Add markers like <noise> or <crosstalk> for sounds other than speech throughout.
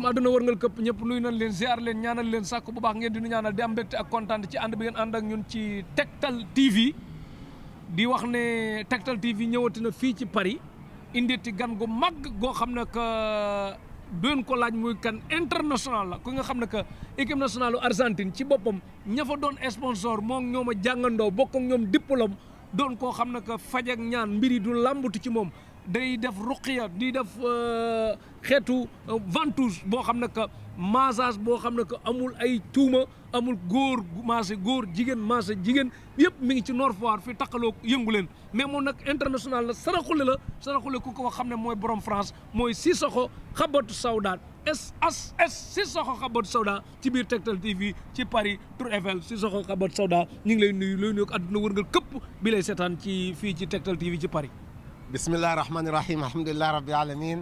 asalaamaaleykum àdduna wërngal këpp ñëpp nuyu nañ leen ziar leen ñaanal leen sàkku bu baax ngeen di nu ñaanal di am mbégte ak kontaan ci ànd bi ngeen ànd ñun ci Tektal TV di wax ne Tektal TV ñëwati na fii ci Paris indeeti gan gu mag goo xam ne que doon ko laaj muy kan international la ku nga xam ne que équipe nationale Argentine ci boppam ña fa doon sponsor moom ñoom a jàngandoo bokk ak ñoom diplôme doon koo xam ne que faj ak ñaan mbir yi du làmbatu ci moom. day def ruqiya di def euh, xeetu euh, ventouse boo xam ne que massage boo xam ne que amul ay tuuma amul góor maase góor jigéen maase jigéen yëpp mi ngi ci Nord Foire fi taqaloo yëngu leen mais moom nag international la saraxule la saraxule ku ko wax xam ne mooy borom France mooy Sissoko Habbatu Sauda S S S Sissoko Habbatu sawda ci biir Tektal TV ci Paris Tour Eiffel Sissoko Habbatu Sauda ñu ngi lay nuyu lay nuyu ak àdduna wërngal këpp bi lay seetaan ci fii ci Tektal TV ci Paris bismillahi rahmaani rahim alhamdulilahi rabbil alamin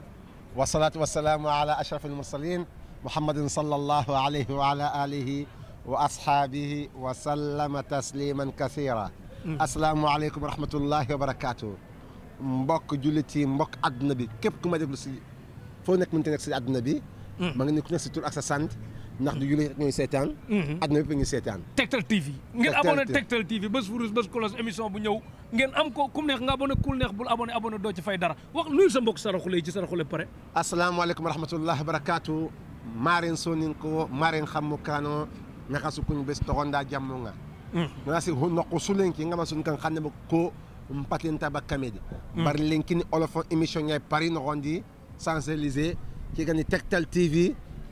wasalaatu wasalaamu ala ashraf almursalin muhammadin sallallahu alayhi wa ala alihi wa ashaabihi wa sallama tasliman kasira hmm. asalaamualeykum wa rahmatullahi wa barakaatu mbokk jullit yi mbokk àdduna bi képp ku ma déglu si foo nekk mënta nekk si àdduna bi ma hmm. nga ni ku nekk si tur ak sa sant ndax du julli rek ñooy seetaan. Mhm. àdduna bépp ñu seetaan. TV ngeen abonné Tektal TV bés furus bés kolos émission bu ñëw ngeen am ko kum neex nga abonné kul neex bul abonné abonné doo ci fay dara wax luy sa mbokk saraxule yi ci saraxule pare. asalaamaaleykum wa rahmatullahi wa barakaatu. maarin sonin ko maarin xammu kaano naka sukuñ bes togonda jammo nga mm. nasi noko sulenki ngama sun kan xanne ba ko mpatenta ba kamedi mm. bari lenkini olofon émission ñay pari noxondi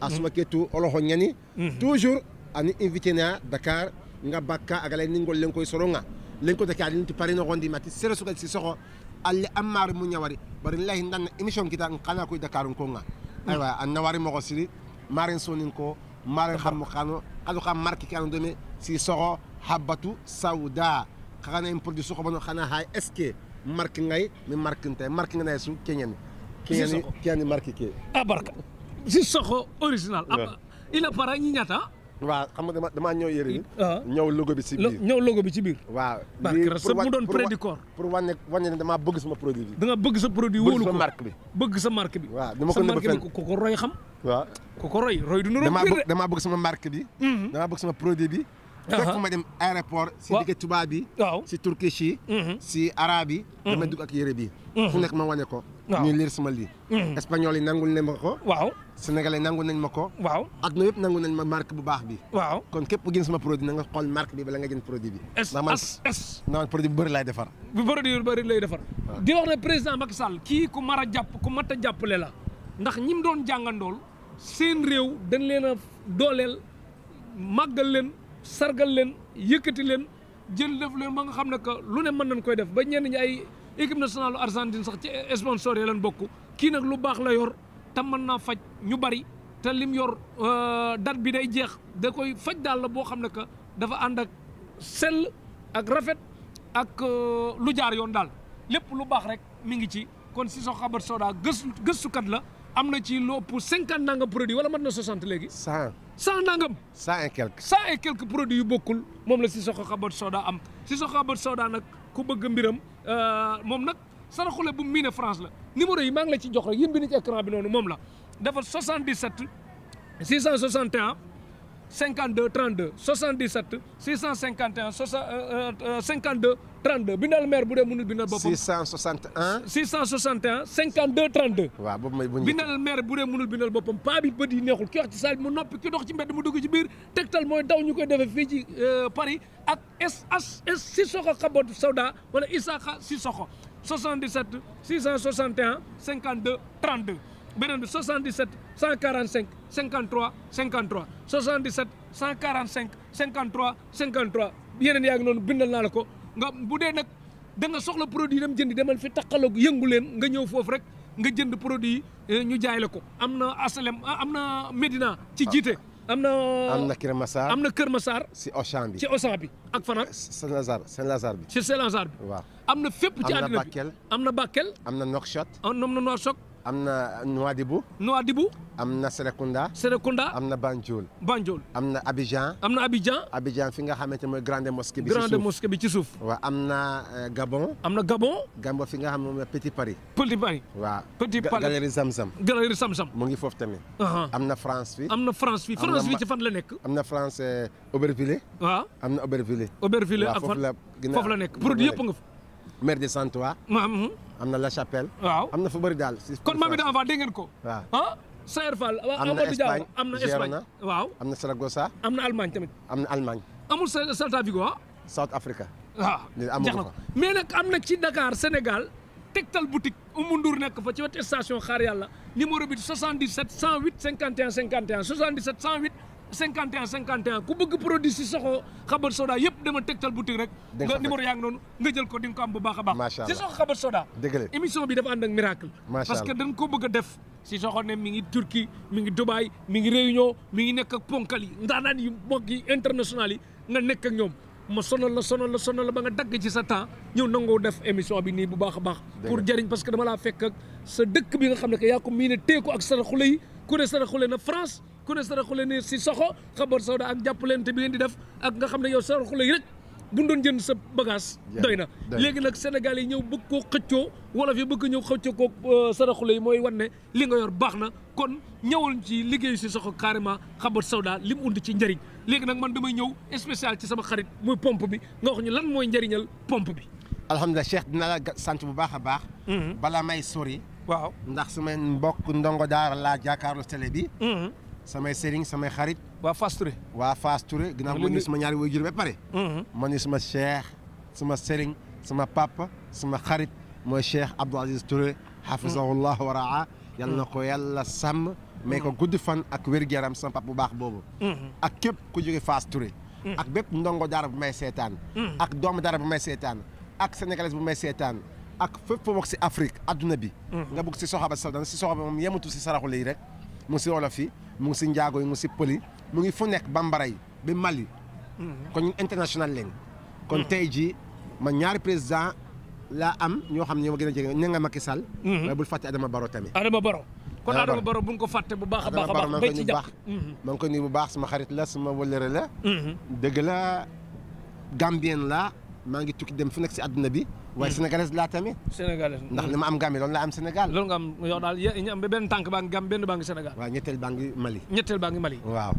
asumake tu oloho ñani mhm. toujours ani invité na dakar nga bakka agala ningol len koy soronga len ko dake adin ti pari nogondi mati sere sugal si soxo alle ammari mu ñawari bari lahi i émission kita nkana koy dakarun konga mhm. aywa an nawari mogo siri maren sonin ko maren xarmo xano xado xa marque kano dome si soxo habatu sauda xaxana en produit soxo bano xana hay est ce que marque ngay mi marque ngana su keñani keñani Sissoko original. am il a para ñi ñaata. waaw xam nga dama damaa ñëw yére yi. Ah. ñëw logo bi ci biir ñëw logo bi ci biir. waaw lii pour mu doon près du corps. pour wane wane ne bëgg sama produit bi. da nga bëgg sa produit wóolu ko bëgg sa marque bi. bëgg sa marque bi. ko nëbb fenn ko roy xam. ko ko roy roy du nu. damaa bëgg sama marque bi. Mhm. damaa bëgg sama produit bi. fekk ma dem aéroport si digg tubaab bi waaw si turkish yi mhm. si arabe yi mhm. damay ak yére bi mhm. fu nekk ma wane ko ñuy liir sama lii espagnol yi nangul nañ ma ko waaw sénégalais nangul ma ko waaw adduna yëpp nangul nañ ma marque bu baax bi waaw kon képp ku jënd produit na nga xool bi bala nga jënd produit bi ndax man produit bu bëri lay defar bu produit bu bëri lay defar di wax ne président Macky Sall kii ku mar a jàpp ku mat a jàppale la ndax ñim doon jàngandool seen réew dañ leen a dooleel màggal sargal leen yëkkati leen jël def leen ba nga xam ne que lu ne mën nañ koy def ba ñenn ñi ay équipe nationale u Argentine sax ci sponsor yi leen bokku kii nag lu baax la yor te mën naa faj ñu bari te lim yor euh, dar bi day jeex da koy faj daal la boo xam ne que dafa ànd ak sell ak rafet ak euh, lu jaar yoon daal lépp lu baax rek mi ngi ci kon si soo xabar sooda gëstu gëstukat la am na ci lu ëpp cinquante nanga produit wala mat na soixante léegi cent cent nangam. cent et quelques. cent et quelques produits yu bokkul moom la Sissoko Habbatu Sauda am Sissoko Habbatu Sauda nag ku bëgg mbiram euh, moom nag saraxule bu miine France la numéro yi maa la ci jox rek yéen bi ni ci écran bi noonu moom la dafa 77 661. 52 32 77 651 60 52 32 bindal maire bu dee mënul bindal boppam. 661. 661 52 32. waaw boobu mooy bu ñu. bindal maire bu dee mënul bindal boppam paa bi bët yi neexul ki wax ci saal bi mu noppi ki dox ci mbedd mu dugg ci biir tegtal mooy daw ñu koy defee fii ci euh, Paris ak SHS Sissoko Kabod Sawda wala Isaka Sissoko 77 661 52 32. beneen bi 77 145 53 53 77 145 53 53 yeneen yaa ngi noonu bindal naa la ko nga bu dee nag da nga soxla produit dem jëndi demal fi taqaloog yëngu leen nga ñëw foofu rek nga jënd produit eh, ñu jaay ko am na asalem ah, am na Medina ci jiite am na am na Kër Massar am na Kër Massar. si Auchan bi si Auchan bi ak fan ak. Saint Lazare bi. si Saint bi waaw. am na fépp ci àddina bi am na Bakel am na Bakel. am na Nouakchott. am ah, na Nouakchott. am na Nouadhibou. Nouadhibou. am na Serekunda. Serekunda am na Banjul. Banjul am na Abidjan. am na Abidjan. Abidjan fi nga xamante ne mooy grande mosquée bi. ci suuf grande mosquée bi ci suuf. waaw am na Gabon. am na Gabon. Gabon fi nga xam ne mooy Petit Paris. Petit Paris. waaw Petit Paris galerie Zamzam. galerie Zamzam. ngi foofu tamit. am na France fi. am na France fi France ci fan la nekk. am na France Aubervilliers. waaw am na Aubervilliers. Aubervilliers ak fan foofu nekk produit yëpp nga fa. maire de Santois. maam. Mhm. am na La Chapelle. waaw am na fa bëri daal. kon ma Dame Fall dégg ko. waaw ah. Sayer Fall am na Espagne am na Espagne waaw. am na Saragossa. am na Allemagne tamit. am na Allemagne. amul Celta Vigo ah. South Africa. waaw jeex na ko mais nag am na ci Dakar Sénégal Tektal boutique Oumou Ndour nekk fa ci wetu station Xaar Yàlla numéro bi 77 108 51 51 cinquante 51 51 ku bëgg produit si soxo xabar soda yëpp dama tegtal boutique rek. nga numéro yaa ngi noonu nga jël ko di nga ko am bu baax a baax. macha allah si soxo xabar soda. dëgg émission bi dafa ànd ak miracle. macha allah parce que dañ ko bëgg a def. si soxo ne mi ngi Turquie mi ngi Dubaï mi ngi Réunion mi ngi nekk ak ponkal yi ndaanaan yu mbokk yi international yi nga nekk ak ñoom. ma sonol la sonal la sonal la ba nga dagg ci sa temps ñëw nangoo def émission bi nii bu baax a baax. pour jëriñ parce que dama laa fekk sa dëkk bi nga xam ne que yaa ko miine ak saraxule yi ku ne saraxule na France ku ne saraxule ni si soxo xabar sawda ak jàppalente bi ngeen di def ak nga xam ne yow saraxule yi rek bu doon jënd sa bagage doy na léegi nag Sénégal yi ñëw bëgg koo xëccoo wala fi bëgg ñëw xëccoo ko euh, saraxule yi mooy wan ne li nga yor baax na kon ñëwal ci liggéeyu si soxo carrément xabar sawda li mu undi ci njëriñ léegi nag man damay ñëw spécial ci sama xarit mooy pompe bi nga wax ñu lan mooy njëriñal pomp bi alhamdulilah Cheikh dina la sant bu baax a baax mhm. bala may sori waaw ndax su may mbokk ndongo daara laa jàkkaarloo télé bi mhm. samay sëriñ samay xarit. waa Fass Touré. waa Fass Touré ginnaaw ma nuyu sama ñaari waajur ba pare. Mm-hmm. ma nuyu sama cheikh sama sëriñ sama papa sama xarit mooy cheikh Abdou Aziz Touré. hafizahullah wa raa ko yàlla sàmm. may ko fan ak wér gu sama papa bu baax mm-hmm. ak képp ku jóge Fass mm-hmm. ak bépp ndongo daara bu may seetaan. ak doomu daara bu may seetaan. ak sénégalais bu may seetaan. ak fépp foo si Afrique adduna bi. nga bëgg si soxaba si soxaba moom yemutu si saraxu lii mu ngi si olof yi mu ngi si njaago yi mu ngi si pël yi mu ngi fu nekk bambara yi ba Mali. Mhm. kon ñun international lañ. kon mhm. tey jii man ñaari président laa am ñoo xam ne ñoo ma gën a jege ña nga Macky Sall. Mhm. waaye bul fàtte Adama Baro tamit. Adama Baro kon ko fàtte bu baax a baax a baax ci jàpp maa bu baax sama xarit la sama wëllëre la. dëgg la Gambien la. maa ngi tukki dem fu nekk si àdduna bi. waaye hmm. sénégalais laa tamit. sénégalais ndax hmm. li ma am Gambie loolu laa am Sénégal. loolu nga am yow daal benn tànk baa ngi Gambie Mali. ñetteel baa ngi Mali. waaw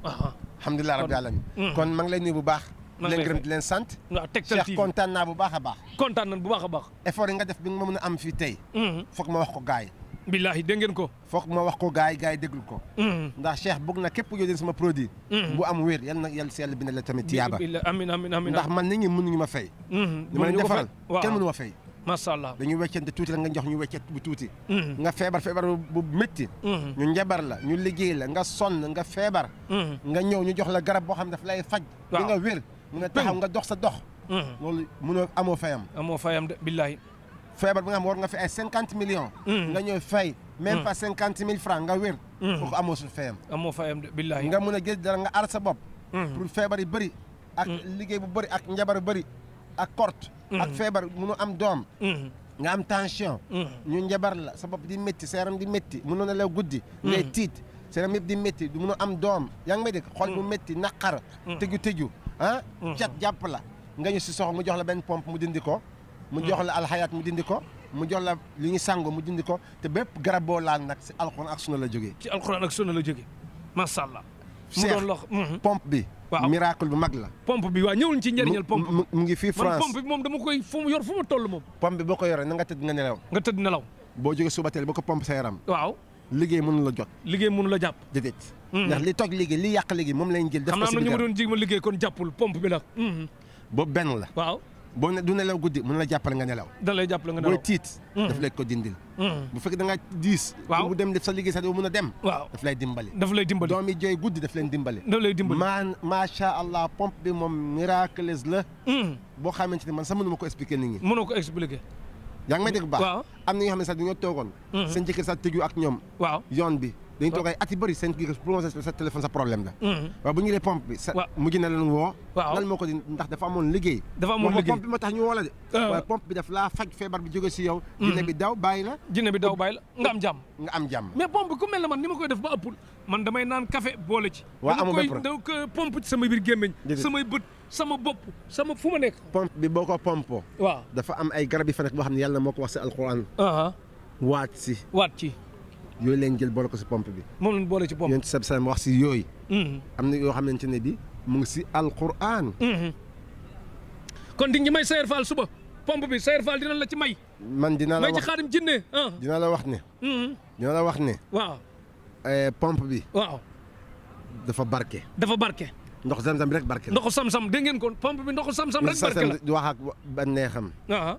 alhamdulilah rabbil alamin. Hmm. kon maa ngi bu baax. maa ngi leen sant. waaw Tektal TV naa bu baax a baax. kontaan nañ bu baax a baax. effort yi nga def bi nga mën a am fii tey. foog ma wax ko gars billaahi dégg ngeen ko. foog ma wax ko gars yi gars yi déglu ko. Mm-hmm. ndax Cheikh bëgg na képp yónnee sama produit. Mm-hmm. bu am wér yal na yal si yàlla bindal la tamit tiyaaba. amiin amiin amiin ndax man nit ñi mënuñu ma fay. li mm-hmm. ma leen defaral kenn mënu ma fay. macha allah dañuy weccante tuuti la nga jox ñu weccet bu tuuti. nga feebar feebar bu métti. ñu njabar la ñu liggéey la nga sonn nga feebar. nga ñëw ñu jox la garab boo xam ne daf lay faj. waaw nga wér. mu nga taxaw nga dox sa dox. loolu mënoo amoo fayam. amoo de billaahi feebar bi nga xam war nga fi ay cinquante millions. Mm. nga ñëw fay. même mm. pas cinquante mille nga wér. kooku mm. amoo su fayam. amoo fayam nga mun a gis dara nga aar sa bopp. feebar yi bëri. ak liggéey bu bëri ak njabar bari ak korte ak feebar munu am doom. nga am tension. ñu njabar la sa bopp di métti sa di métti mënoon a lew guddi. ngay tiit sa di métti mun a am doom yaa ngi may dégg. xol bu métti naqar. tëju tëju ah, cat jàpp la nga ñu si soxla mu jox la benn pompe mu dindi ko. mu jox la alxayaat mu dindi ko mu jox la li ñu sàngoo mu dindi ko te bépp garab boo laal nag si alxuraan ak sunna la jógee. ci alxuraan ak la jógee macha allah. mu doon lox mhm. pompe bi. waaw miracle bu la. pompe bi waaw ñëwul ci n pompe mu ngi fii France man pompe moom dama koy yor fu mu toll moom. pompe bi boo ko yoree na nga tëdd nga nelaw. nga tëdd nelaw. boo jógee suba teel ba ko pompe sa yaram. waaw liggéey mënu la jot. liggéey mënu la jàpp. déedéet. Mhm. ndax li toj liggéey li yàq liggéey moom lañ jël. def ko si biir xam naa ñu ma bi la. Mhm. boobu benn la waaw. boo ne du nelaw guddi mën na la jàppale nga nelaw. da lay jàppale nga nelaw booy tiit. Mm. daf lay ko mm. bu fekkee da nga diis. waaw bu dem def sa liggéey sax doo mën a daf lay dimbali. daf lay dimbali doom maa macha allah pompe bi moom miraculeuse la. Mm. boo xamante ne man sax mënu ma ko expliquer nit ñi. mënoo ko expliquer. yaa ngi may dégg am na ñoo xam ne sax dañoo toogoon. seen jëkkër ak ñoom. yoon bi. dan toog ay at yu bëri seen kii pour sa téléphone sa problème la. Mm-hmm. waaw bu ñu nee pompe bi. waaw mujj na leen woo. waaw lan moo ko di ndax dafa amoon liggéey. dafa amoon liggéey pompe bi moo tax ah. si yow. Mm-hmm. jinne bi daw bàyyi la. jinne bi daw bàyyi la am jàmm. nga am mais pompe ku ni ma koy def man damay naan café boole ci. waaw amoo bépp da koy pompe sama biir sama bopp sama fu nekk. pompe bi boo ko pompo. waaw dafa am ay garab yi fa nekk boo xam ne yàlla moo ko wax si alquran. waat si waat ci yooyu leen jël boole ko si pompe bi. moom lañ boole ci pompe yéen wax si yooyu. Mm-hmm. am na yoo xamante ne bi mu ngi si alquran. Mm-hmm. kon di nga may Sayer Fall suba pompe bi Sayer Fall dina la ci may. man dinaa la wax may ci ah. la wax ne. Mm-hmm. dinaa la wax ne. waaw. Eh, pompe bi. waaw. dafa barke. dafa barke. ndox sam-sam bi rek barke la. sam-sam dégg ngeen kon pompe bi ndoxu sam-sam rek barke la. wax ak ba neexam. Ah.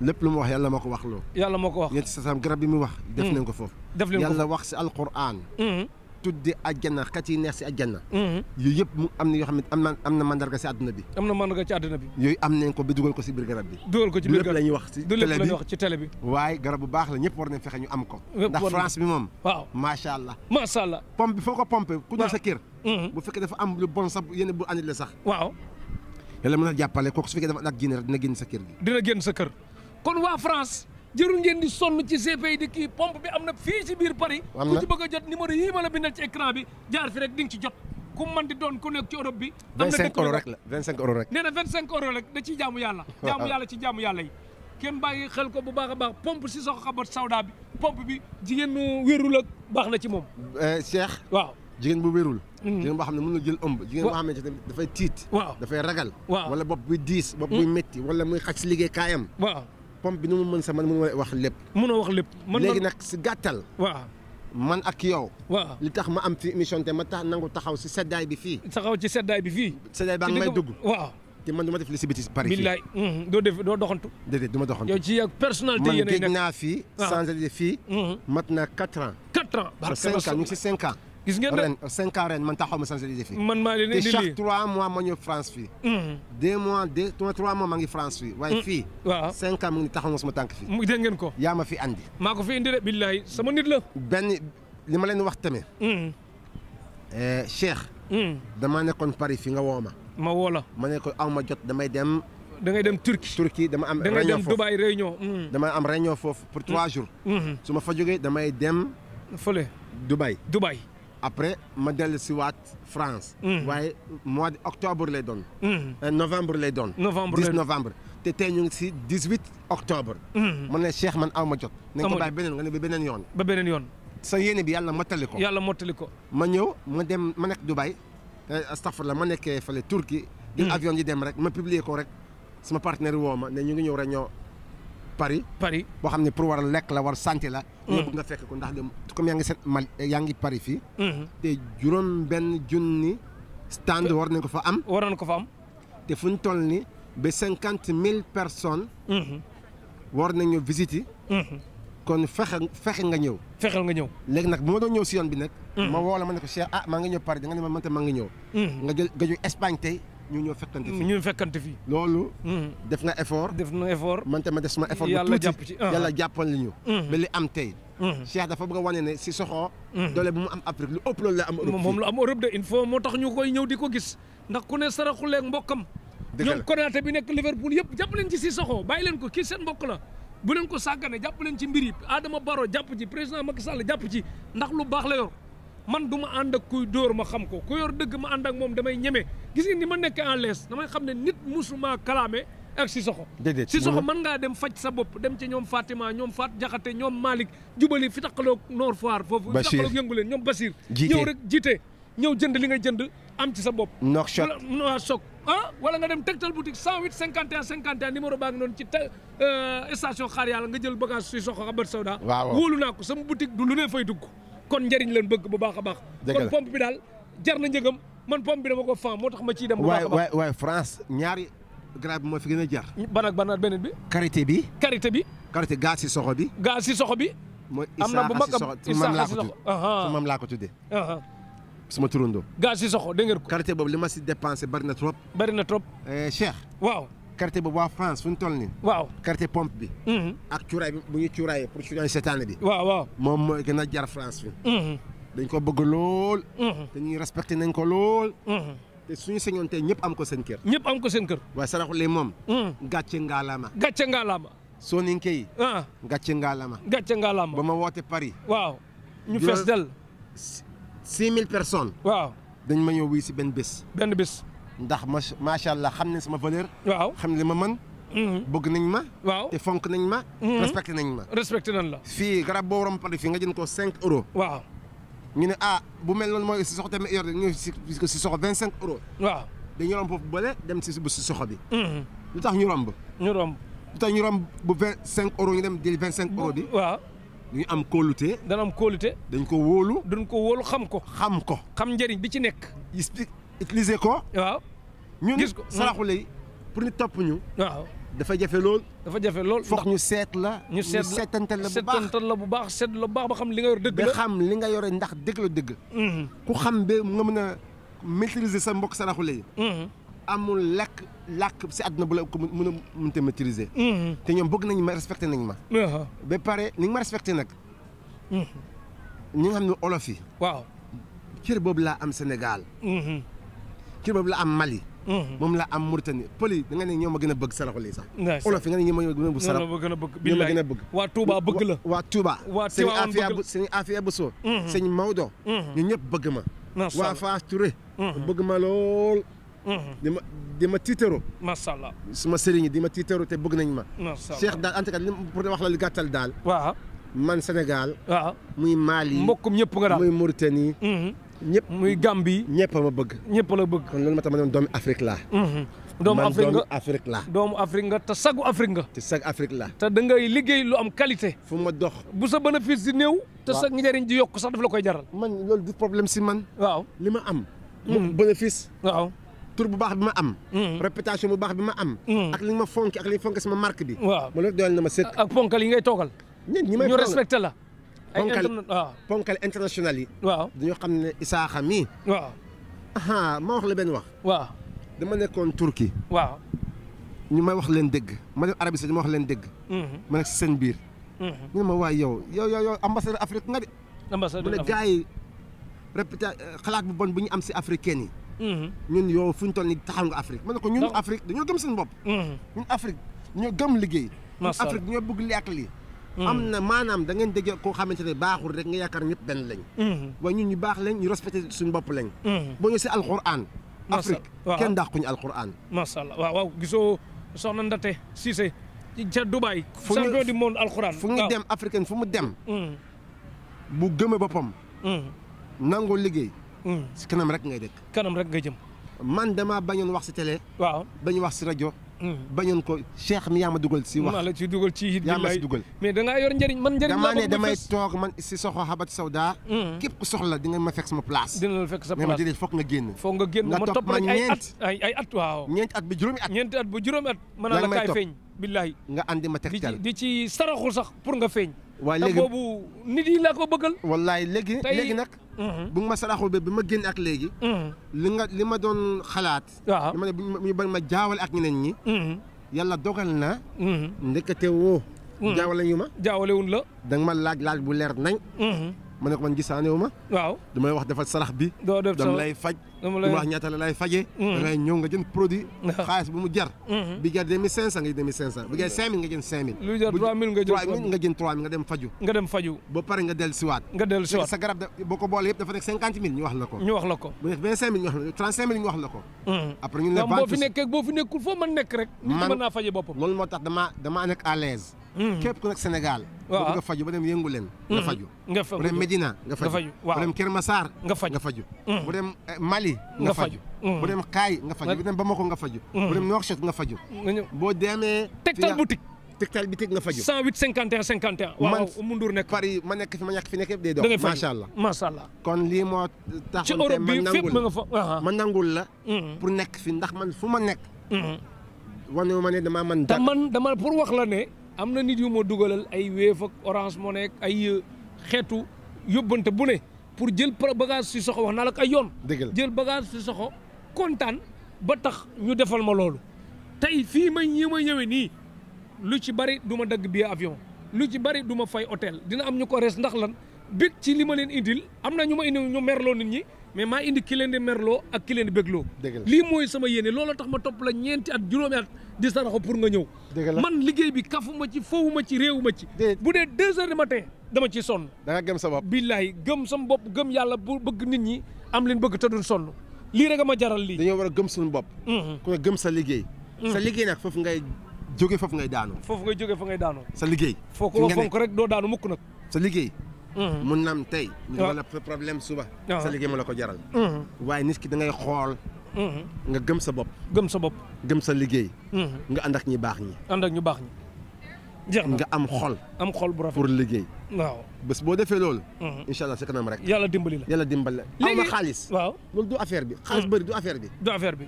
lépp lu mu wax yàlla moo ko wax loo. yàlla moo ko wax ñeenti sasaam garab mm. def nañ ko foofu. def nañ ko yàlla wax si alquran. Mm. tuddi àjjana xat yi neex si àjjana. Mm. yooyu yëpp mu am na yoo xam ne am na am na mandarga si àdduna bi. am na mandarga ci àdduna bi. yooyu am ko ba dugal ko si biir garab bi. dugal ko ci biir garab bi lépp la ñuy wax si. télé bi lépp la bi. waaye garab bu baax la ñëpp war nañ fexe ñu am ko. ndax France bi moom. waaw macha allah. macha allah pompe bi ku ñëw sa kër. Mm-hmm. bu fekkee dafa am lu bon sax yenn bu annulé sax. waaw. yàlla mën a jàppale kooku su sa sa kër. kon waa France jërul ngeen di sonn ci CPI di kii pompe bi am na fii ci biir Paris. ku ci bëgg a jot numéro yii ma la bindal ci écran bi jaar fi rek di ci jot. ku mën di doon ku nekk ci Europe bi. am na 25 euros rek jaamu yàlla. <laughs> jaamu yàlla ci jaamu yàlla yi. kenn bàyyi xel ko bu baax a baax pompe si soxna Xabat Sawda bi pompe bi jigéen mu wérul ak baax na ci moom. Eh, Cheikh. waaw jigéen bu wérul. Mm. jigéen boo xam ne mën na jël ëmb. jigéen boo xam ne dafay tiit. waaw dafay ragal. waaw wala bopp buy diis. Mm. wala muy xaj si liggéey kaayam. waaw pompe bi nu mu mën sa man mënu wax lépp. mënoo wax lépp man léegi nag si ak yow. li tax ma am fi émission te ma tax nangu taxaw si seddaay bi fii. taxaw ci seddaay bi fii. seddaay baa ngi may dugg waaw. te man du ma def li biti Paris fii. billaay mm-hmm. doo du ma doxantu a man géej naa fii. waaw ah. changé fii. Mm-hmm. mat na quatre ans. quatre ans. par cinq ans ñu ngi si gis ngeen de ren cinq ans ren man taxaw ma sensibiliser fii. man maa leen di lii trois mois ma ñëw France fii. Mm-hmm. deux mois trois mois ma ngi France fii. Mm-hmm. mu ngi taxaw ma sama tànk fii. ma fi andi. maa ko fi indi de billahi sama nit la. benn li ma leen wax tamit. Mm-hmm. Eh, Cheikh. damaa nekkoon Paris fi nga woo ma. ma woo ma ne ko aw ma jot damay dem. da ngay dem Turquie Turquie dama am. réunion da ngay dem Dubaï réunion. dama am réunion foofu pour trois jours. su ma fa jógee damay dem. fële Dubaï. Dubaï. après ma dellu si waat France. Mhm. waaye mois de octobre lay doon. Mhm. Euh, novembre lay doon. novembre 10 novembre. te tey ñu ngi si 18 octobre. mu mhm. ne Cheikh man a ma jot. nañ ko bàyyi beneen nga ne ba beneen yoon. ba beneen yoon. sa yéene bi yàlla mottali ko. yàlla mottali ko. ma ñëw ma dem ma nekk Dubaï. Euh, astafurla ma nekkee fële Turquie. di avion yi dem rek ma publier ko rek. sama partenaire woo ma ne ñu ngi ñëw rek ñoo. Paris. Paris boo xam ne pour war a lekk la war santé la. ñëpp mm. nga fekk ko ndax de comme yaa ngi seet Mali yaa ngi Paris fii. Mm-hmm. te juróom benn junni stand war nañ ko fa am. war ko fa am. te fu ñu ni nii ba cinquante mille personnes. Mm-hmm. war nañu visiter. Mm-hmm. kon fexe fexe nga ñëw. fexeel nga ñëw. léegi nag bu ma doon ñëw si yoon bi nag. ma woo la ma ne ko Cheikh ah maa ngi ñëw Paris danga ne ma man tam ngi ñëw. nga jël Espagne tey. ñu ñëw fekkante fi ñu fekkante fii loolu. Hmm. def nga effort. def na effort man tamit def sama effort. yàlla jàpp ci ah. yàlla jàppal li ñu. Hmm. ba li am tey. Hmm. Cheikh dafa bëgg a wane ne si soxo doole bu mu am Afrique lu ëpp loolu am. Europe moom lu am Europe de il moo tax ñu koy ñëw di ko gis ndax ku ne saraxuleeg mbokkam. dëgg la ñoom Konaté bi nekk Liverpool yëpp jàpp leen ci si soxo bàyyi leen ko kii seen mbokk la. bu leen ko sàggane jàpp leen ci mbir yi Adama Barrow jàpp ci président Macky Sall jàpp ci ndax lu baax la yor man du ma ànd ak kuy dóor ma xam ko ku yor dëgg ma ànd ak moom damay ñeme gis ngeen ni ma nekk en l'aise damay xam ne nit musuma kalaame ak Sissoko Sissoko mën ngaa dem faj sa bopp dem ci ñoom Fatima ñoom Fat Jaxate ñoom Malick jubali fi taqaloog Nord Foire foofu fi taqaloog yëngu leen ñoom Basir ñëw rek jiite ñëw jënd li nga jënd am ci sa bopp noa choc ah wala nga dem Tektal boutique cent huit cinquante et un cinquante et baa ngi noonu ci te euh, station xaar nga jël bagage Sissoko xabar sawda wóolu naa ko sama boutique du lu ne fay dugg kon njëriñ leen bëgg bu baax a baax. kon pompe bi daal jar na njëgam man pompe bi dama ko fan moo tax ma ciy dem. bu baax a baax France ñaari grade bi moo fi gën a jar. ban ak ban beneen bi. karité bi. karité bi. karité gaa si soxo bi. gaa si soxo bi. mooy Issa Asi soxo su mam laa ko tuddee. suma turandoo. gaa si soxo dégg ngeen ko. karité boobu li ma si dépensé bari na trop. bari na trop. Eh, Cheikh waaw. quartier boobu waa France fu ñu toll waaw quartier pompe bi. Mhm. ak cuuraay bi bu ñuy cuuraayee pour cuuraay setaane bi. waaw moom mooy gën a jar France fi. Mhm. dañ ko bëgg lool. Mhm. te ñuy respecté nañ ko lool. te suñu sañoon tey ñëpp am ko seen kër. ñëpp am ko seen kër. waaye Saraxule moom. gàcce ngaalaama. gàcce ngaalaama. soo yi. Ah. gàcce ngalama gàcce ngaalaama. ba ma woote Paris. waaw ñu fees del. six mille personnes. waaw dañ ma ñëw wuy si benn bés. benn bés. ndax ma macha allah xam ne sama valeur. waaw xam li ma mën. Mhm. bëgg ma. waaw te fonk nañ ma. Mhm. respecté nañ ma. respecté la. fii garab boo waroon pare fii nga jënd ko 5 euros. ne ah bu mel noonu mooy si soxo tamit yor ñu si si soxo 25 euros. waaw dañu romb foofu bële dem si si soxo bi. Mhm. lu tax ñu romb. ñu romb lu tax ñu romb bu 25 euros ñu dem jëli 25 euros bi. waaw ñu am kóolute. dana am kóolute. dañ ko wóolu. dañ ko wóolu xam ko. xam ko. xam njëriñ bi ci nekk. utiliser ko. waaw ñun saraxule yi pour ñu topp ñu. waaw dafa jafe lool. dafa jafe lool foog ñu seet la. ñu seet la seetantal la bu baax bu baax seet la bu baax ba xam li nga yor dëgg la. ba xam li nga yore ndax dëgg la dëgg. Mm-hmm. ku xam ba nga mën a maîtriser sa mbokk saraxule yi. Mm-hmm. amul lekk làkk si àdduna bu la ko mën a mën a maîtriser. Mm-hmm. te ñoom bëgg nañ ma respecté nañ ma. Uh-huh. ba pare ni ma respecté nag. ñi nga xam ne olof yi. waaw cër boobu laa am Sénégal. kii boobu la a Mali. Mhm. moom la a Mauritanie pël yi da nga ne ñoom a gën a bëgg saraxu lii sax. olof yi nga ne ñoom ñoo gën a bëgg sarax ñoom gën a bëgg. billaay ñoom gën a bëgg. waa Touba bëgg la waa Touba. waa Touba bëgg la sëñ Afia bu soo. Mhm. sëñ Maodo. Mhm. ñu ñëpp bëgg ma. waa Faas Touré. bëgg ma lool. di ma di ma tiitaroo. ma tiitaroo te bëgg nañ ma. macha allah Cheikh daal en tout cas li ñëpp muy Gambie. ñëpp ma bëgg. ñëpp la bëgg. kon loolu ma tax ma ne doomu Afrique laa. Mhm. doomu Afrique nga Afrique laa. doomu Afrique nga te sagu Afrique nga. te sag Afrique laa. te da ngay liggéey lu am qualité. fu ma dox. bu sa bénéfice di néew. te sa njëriñ di yokk sax daf la koy jaral. man loolu du problème si man. waaw li ma am. Mhm. bénéfice. waaw. tur bu baax bi ma am. Mhm. réputation bu baax bi ma am. ak li ma fonk ak li fonk sama marque bi. waaw ma loolu doyal na ma sëkk. ak ponkal yi ngay toogal. ñi may ñu respecté la. ponkal ponkal international yi. waaw dañoo xam ne Isaaxa mii. waaw. ah ma wax la wax. waaw dama nekkoon Turquie. waaw. ñu ma wax leen dëgg ma def Arabie Saoudite ma wax leen dëgg. Mm-hmm. ma nekk si seen biir. Mm-hmm. ñu ne ma waay yow yow yow ambassadeur Afrique nga de. ambassadeur Afrique mu ne gars yi euh, xalaat bu bon bu ñu am si africain yi. Mm-hmm. ñun yow fu ñu toll nii taxaw nga Afrique ma ne ko ñun Afrique dañoo gëm seen bopp. ñun Afrique ñoo gëm liggéey. ñun ñoo bëgg lii am na maanaam da ngeen dégg koo xamante ne baaxul rek nga yaakaar ñëpp benn lañ mm-hmm. waaye ñun ñu baax lañ ñu respecté suñu bopp lañ mm-hmm. boo ñëw si alquran afrique kenn dàquñu alquran macha allah waaw waaw gisoo soxna Ndate Cissé ca Dubaï champion du monde alquran fu ñu dem africaine fu mu dem mm-hmm. bu gëmee boppam nangoo liggéey si kanam rek ngay dëkk kanam rek nga jëm man dama bañoon wax si télé waaw bañu wax si rajo Mm. bañoon ko Cheikh mi yaa ma dugal si wax. maa la ci dugal ci it yaa ma si dugal. mais da ngaa yor njëriñ man njëriñ laa ne damay toog man si soxo xabat sawda mm. képp ku soxla di nga ma fekk sama place. dina la fekk sa place mais ma déedéet foog nga génn. foog nga génn ma topp rek ay at ay at waaw. ñeenti at ba juróomi at. ñeenti at ba juróomi at. mën naa la kaay feeñ billahi nga andi ma tegtal di ci saraxul sax pour nga feeñ waaye léegi boobu nit yi la ko bëggal. wallaay léegi léegi nag. Mhm. ma ma saraxul ba bi ma génn ak léegi. Mhm. li nga li ma doon xalaat. waaw li ma ne ñu bañ ma jaawal ak ñeneen ñi. Mhm. yàlla dogal na. ndekete woo. jaawale ñu ma. jaawale wuñ la. danga ma laaj laaj bu leer nañ. ma ne ko man gisaane wu ma. waaw damay wax defal sarax bi. doo def sarax lay faj. mu wax ñaata la lay fajee. Mm. da ngay ñëw nga jënd produit. <laughs> xaalis bu mu jar. Mm-hmm. bi jar deux mille cinq cent nga jënd deux mille cinq cent. bi jar cinq mille nga jënd cinq mille. lu jar trois mille nga jënd trois mille nga jënd trois mille nga dem faju. nga dem faju. ba pare nga dellu siwaat. nga dellu siwaat sa garab da boo ko boole yëpp dafa nekk cinquante mille ñu wax la ko. ñu wax la ko bu nekk vingt cinq mille ñu wax la ko trente cinq mille ñu wax la ko. Mm-hmm. après ñu ne vingt boo fi nekkee boo fi nekkul foo mën nekk rek. nit ki mën naa fajee boppam. loolu moo tax damaa damaa nekk à l'aise mm-hmm. képp ku nekk Sénégal. waaw nga faju ba dem yëngu leen. nga faju nga faju bu dem Medina nga faju bu dem Kër Massar nga faju bu dem eh, Mali nga faju mm. bu dem Kaay nga faju bu dem Bamako nga mm. nga faju boo demee Tektal boutique nga faju 108 51 51 man Moundour nekk Paris ma nekk fi ma ñàkk fi nekk yëpp day dox macha allah macha allah kon lii moo tax ci Europe bi fépp ma nga fa ma nangul la mm. pour nekk fi ndax man fu ma nekk mm-hmm. wane ma ne damaa dama pour wax la ne am na nit yu ma dugalal ay Wave Orange Money ay xeetu yóbbante bu pour jël bagage si soxo wax naa la ko ay yoon. jël bagage si soxo kontaan ba tax ñu defal ma loolu. tey fii ma ñi ma ñëwee nii lu ci bari du ma dagg billet avion lu ci bari duma fay hôtel dina am ñu ko rees ndax lan bég ci li ma leen indil am na ñu ma indi ñu merloo nit ñi. mais maa indi ki leen di merloo ak ki leen di bégloo lii mooy sama yéene looloo tax ma topp la ñeenti at juróomi at di saraxo pour nga ñëw man liggéey bi kafuma ci fowuma ci réewuma ci bu dee deux heures ma matin dama ci sonn da nga gëm sa bopp billaay gëm sama bopp gëm yàlla bu bëgg nit ñi am leen bëgg tëddul sonn lii rek a ma jaral lii dañoo war a gëm suñu bopp mm-hmm. ku ne gëm sa liggéey mm-hmm. sa liggéey nag foofu ngay jóge foofu ngay daanu foofu ngay jóge fa ngay daanu sa liggéey foo ko fonk rek doo daanu mukk nag sa liggéey Mm. mun na am tey. ñu ah. wala problème suba. Ah. sa liggéey ma la ko jaral. Mm. waaye nit ki da ngay xool. Mm. nga gëm sa bopp. gëm sa bopp. gëm sa liggéey. nga ànd ak ñi baax ñi. ànd ak ñu baax ñi. jeex na nga am xol. am xol bu rafet pour liggéey. waaw bés boo defee loolu. incha allah sa kanam rek. yàlla dimbali la yàlla dimbali la. du affaire bi. xaalis bëri du affaire bi. du affaire bi.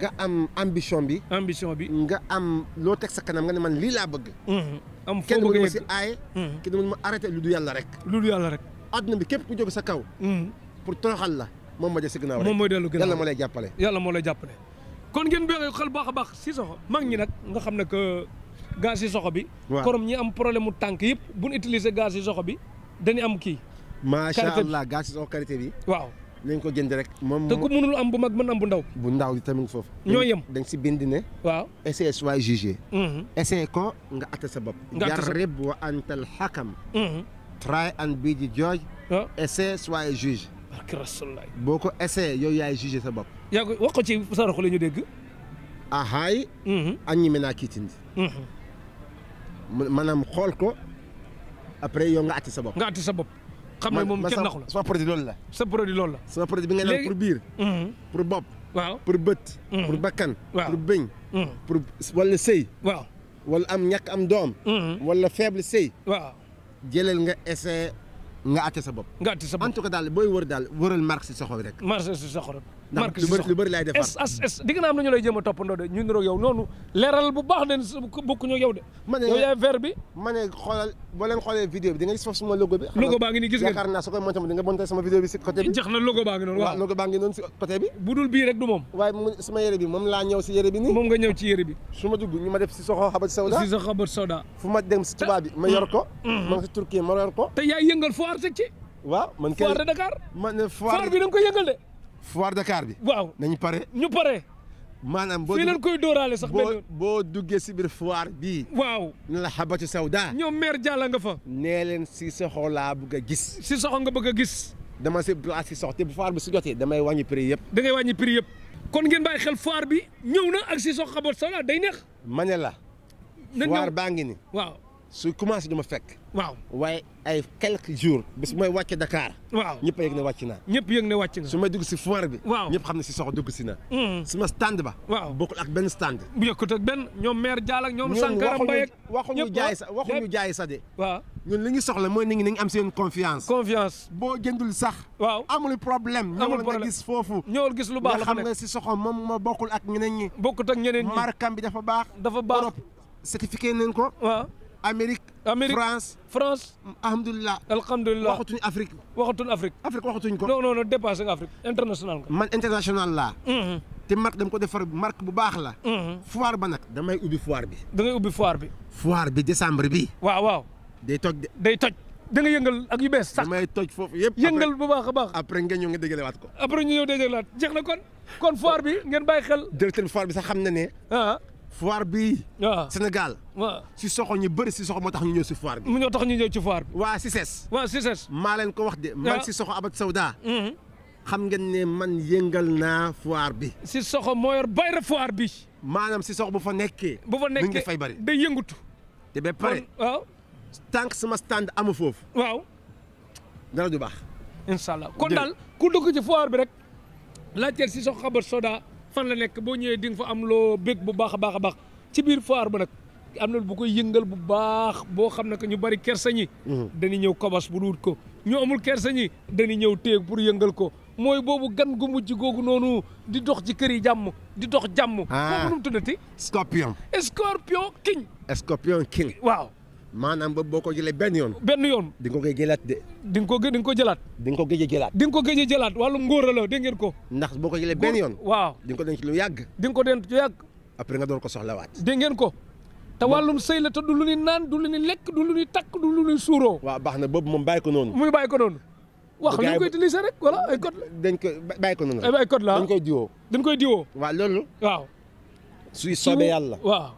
nga am ambition bi. nga am loo teg sa kanam nga lii laa bëgg. am foo bëgg a yegg hmm. kenn mënu lu du yàlla rek. lu du rek. àdduna bi képp ku jóg sa kaw. Hmm. pour toroxal la moom ma jël si ginnaaw moo moom mooy dellu ginnaaw yàlla moo lay jàppale. yàlla moo lay jàppale kon ngeen béyoon xel baax a baax si soxo mag ñi nag nga xam ne que gaz si soxo bi. waaw korom ñi am problème mu tànk yëpp bu ñu utiliser gaz si soxo bi dañu am kii. macha allah gaz si soxo qualité bi waaw nañ ko jënd rek. moom te ku am bu mag mën am bu ndaw. bu ndaw li tamit foofu. ñoo yem dañ si bind ne. waaw essayé soit jugé. essayé ko nga atte sa bopp. nga atte sa bopp wa antal xakam. Mhm. try and be the judge. waaw essayé juge. boo ko essayé yow yaay jugé sa bopp. yaa ko wax ko ci saraxu la ñu dégg. ahaay. Mhm. añ ñi mën a kiitindi. Mhm. maanaam xool ko après yow nga sa bopp. nga atte sa bopp. xam ne moom kenn naxu la sama produit loolu la. sa produit loolu la. sama produit bi nga ne pour biir. Mhm. pour bopp. waaw pour bët. Mhm. pour bakkan. Mhm. wala sëy. wala am ñàkk am doom. wala faible sëy. waaw jëlal nga essayé nga àtte sa bopp. nga àtte sa bopp en tout cas daal booy wër daal wëral marché si soxor rek. marque lu bëri laay defar es es na am na ñu lay jëm a toppandoo de ñu niroog yow noonu leeral bu baax den bokkuñu yow de yow yaay vert bi ma bi di gis foofu sama logo bi logo baa ngi si côté bi jeex na logo baa ngi noonu ci yére bi su ma dugg ñu ma def si soxo xabat sawda si soxo xabat sawda fu ma dem si tubaab bi ma yor ko mm, mm, mm. ma nga si Turquie ma yor ko te yaay yëngal foire teg ci waaw man foire foire Dakar bi. waaw nañu pare. ño pare. maanaam boo fii lañ koy dóoraale sax benn boo duggee si biir foire bii. waaw na la xabatu sawda. ñoom maire Diallo nga fa. nee leen si soxo laa bëgg gis. si soxo nga bëgg gis. dama si place si sox te bu foire bi si jotee damay wàññi prix yëpp. da ngay wàññi prix yëpp. kon ngeen bàyyi xel foire bi ñëw na ak si sox xabat sawda day neex. ma ne la. na ñëw baa ngi su commencé dama fekk. waaw waaye ay quelques jours. bis mooy wàcc Dakar. waaw ñëpp a yëg ne wàcc naa. ñëpp yëg ne wàcc na su may dugg si foire bi. waaw ñëpp xam ne si soxla dugg si na. Hmm. suma stand ba. waaw bokkul ak benn stand. bu yokkut ak sa waxuñu jaay sa de. waaw ñun li ñu soxla mooy nit ñi nañu am seen confiance. confiance boo jëndul sax. amul problème. amul gis foofu. ñëwal gis lu baax la fa nekk nga xam ne si soxla moom moo bokkul ak ñeneen ñi. bokkut ak ñeneen ñi markam bi dafa baax. dafa baax certifié nañ ko. waaw Amérique. Amérique France France. alhamdulilah alhamdulilah waxatuñ Afrique. waxatuñ Afrique. Afrique waxatuñ ko. non non non dépassé nga Afrique international nga. man international laa. Mm-hmm. te marque dama ko defar marque bu baax la. Mm-hmm. foire ba nag damay ubbi foire bi. da ngay ubbi foire bi. foire bi décembre bi. waaw waaw. day toj de. day toj da nga yëngal ak yu bees sax. damay toj foofu yëpp. yëngal bu baax a baax. après nga ñëw nga déglewaat ko. après ñu ñëw déglewaat jeex na kon. kon foire bi ngeen bàyyi xel. directeur foire bi sax xam na ne. Ah. foire bii. waaw ah. Sénégal. waaw ah. si soxo ñu bëri si soxo moo tax ñu ñëw ñu ñëw ci foire bi. waa CICES. waa maa leen ko wax de. Ah. man si soxo Abat Sawda. Mhm. xam ngeen ne man yëngal naa foire bi. si soxo moo yor bayra foire bi. maanaam si soxo bu fa nekkee. bu fa nekkee mi ngi fay bëri day yëngatu. te ba pare waaw. tant sama stand amu foofu. waaw. dara du baax. incha ku dugg ci foire bi rek laajteel si soxo Abat Sawda. fan la nekk boo ñëwee di nga fa am loo bég bu baax a baax a baax ci biir foire ba nag am na bu koy yëngal bu baax boo xam ne que ñu bari kersa ñi mhm. dañuy ñëw kobos bu duut ko ñu amul kersa ñi dañuy ñëw téeg pour yëngal ko mooy boobu gan gu mujj googu noonu di dox ci kër yi jàmm di dox jàmm boobu ah. nu mu tuddati scorpion scorpion king scorpion king waaw maanaam ba boo ko jëlee benn yoon. benn yoon di ko jëlaat de. di nga ko di nga ko jëlaat. di nga ko gëj a jëlaat. di nga ko gëj a ngeen ko. ndax boo ko jëlee benn yoon. waaw di ko denc lu yàgg. di nga ko denc après nga door ko soxlawaat. dégg ngeen ko. te wàllum sey la te du lu ñuy naan du lu ñuy lekk du lu ñuy takk du lu ñuy suuroo. waaw baax na boobu moom bàyyi ko noonu. muy bàyyi ko noonu. wax li ñu koy utiliser rek wala ay code la. dañ ko noonu. ay code la dañ koy diwoo. dañ koy diwoo. waaw loolu. waaw. suy soobee yàlla. waaw.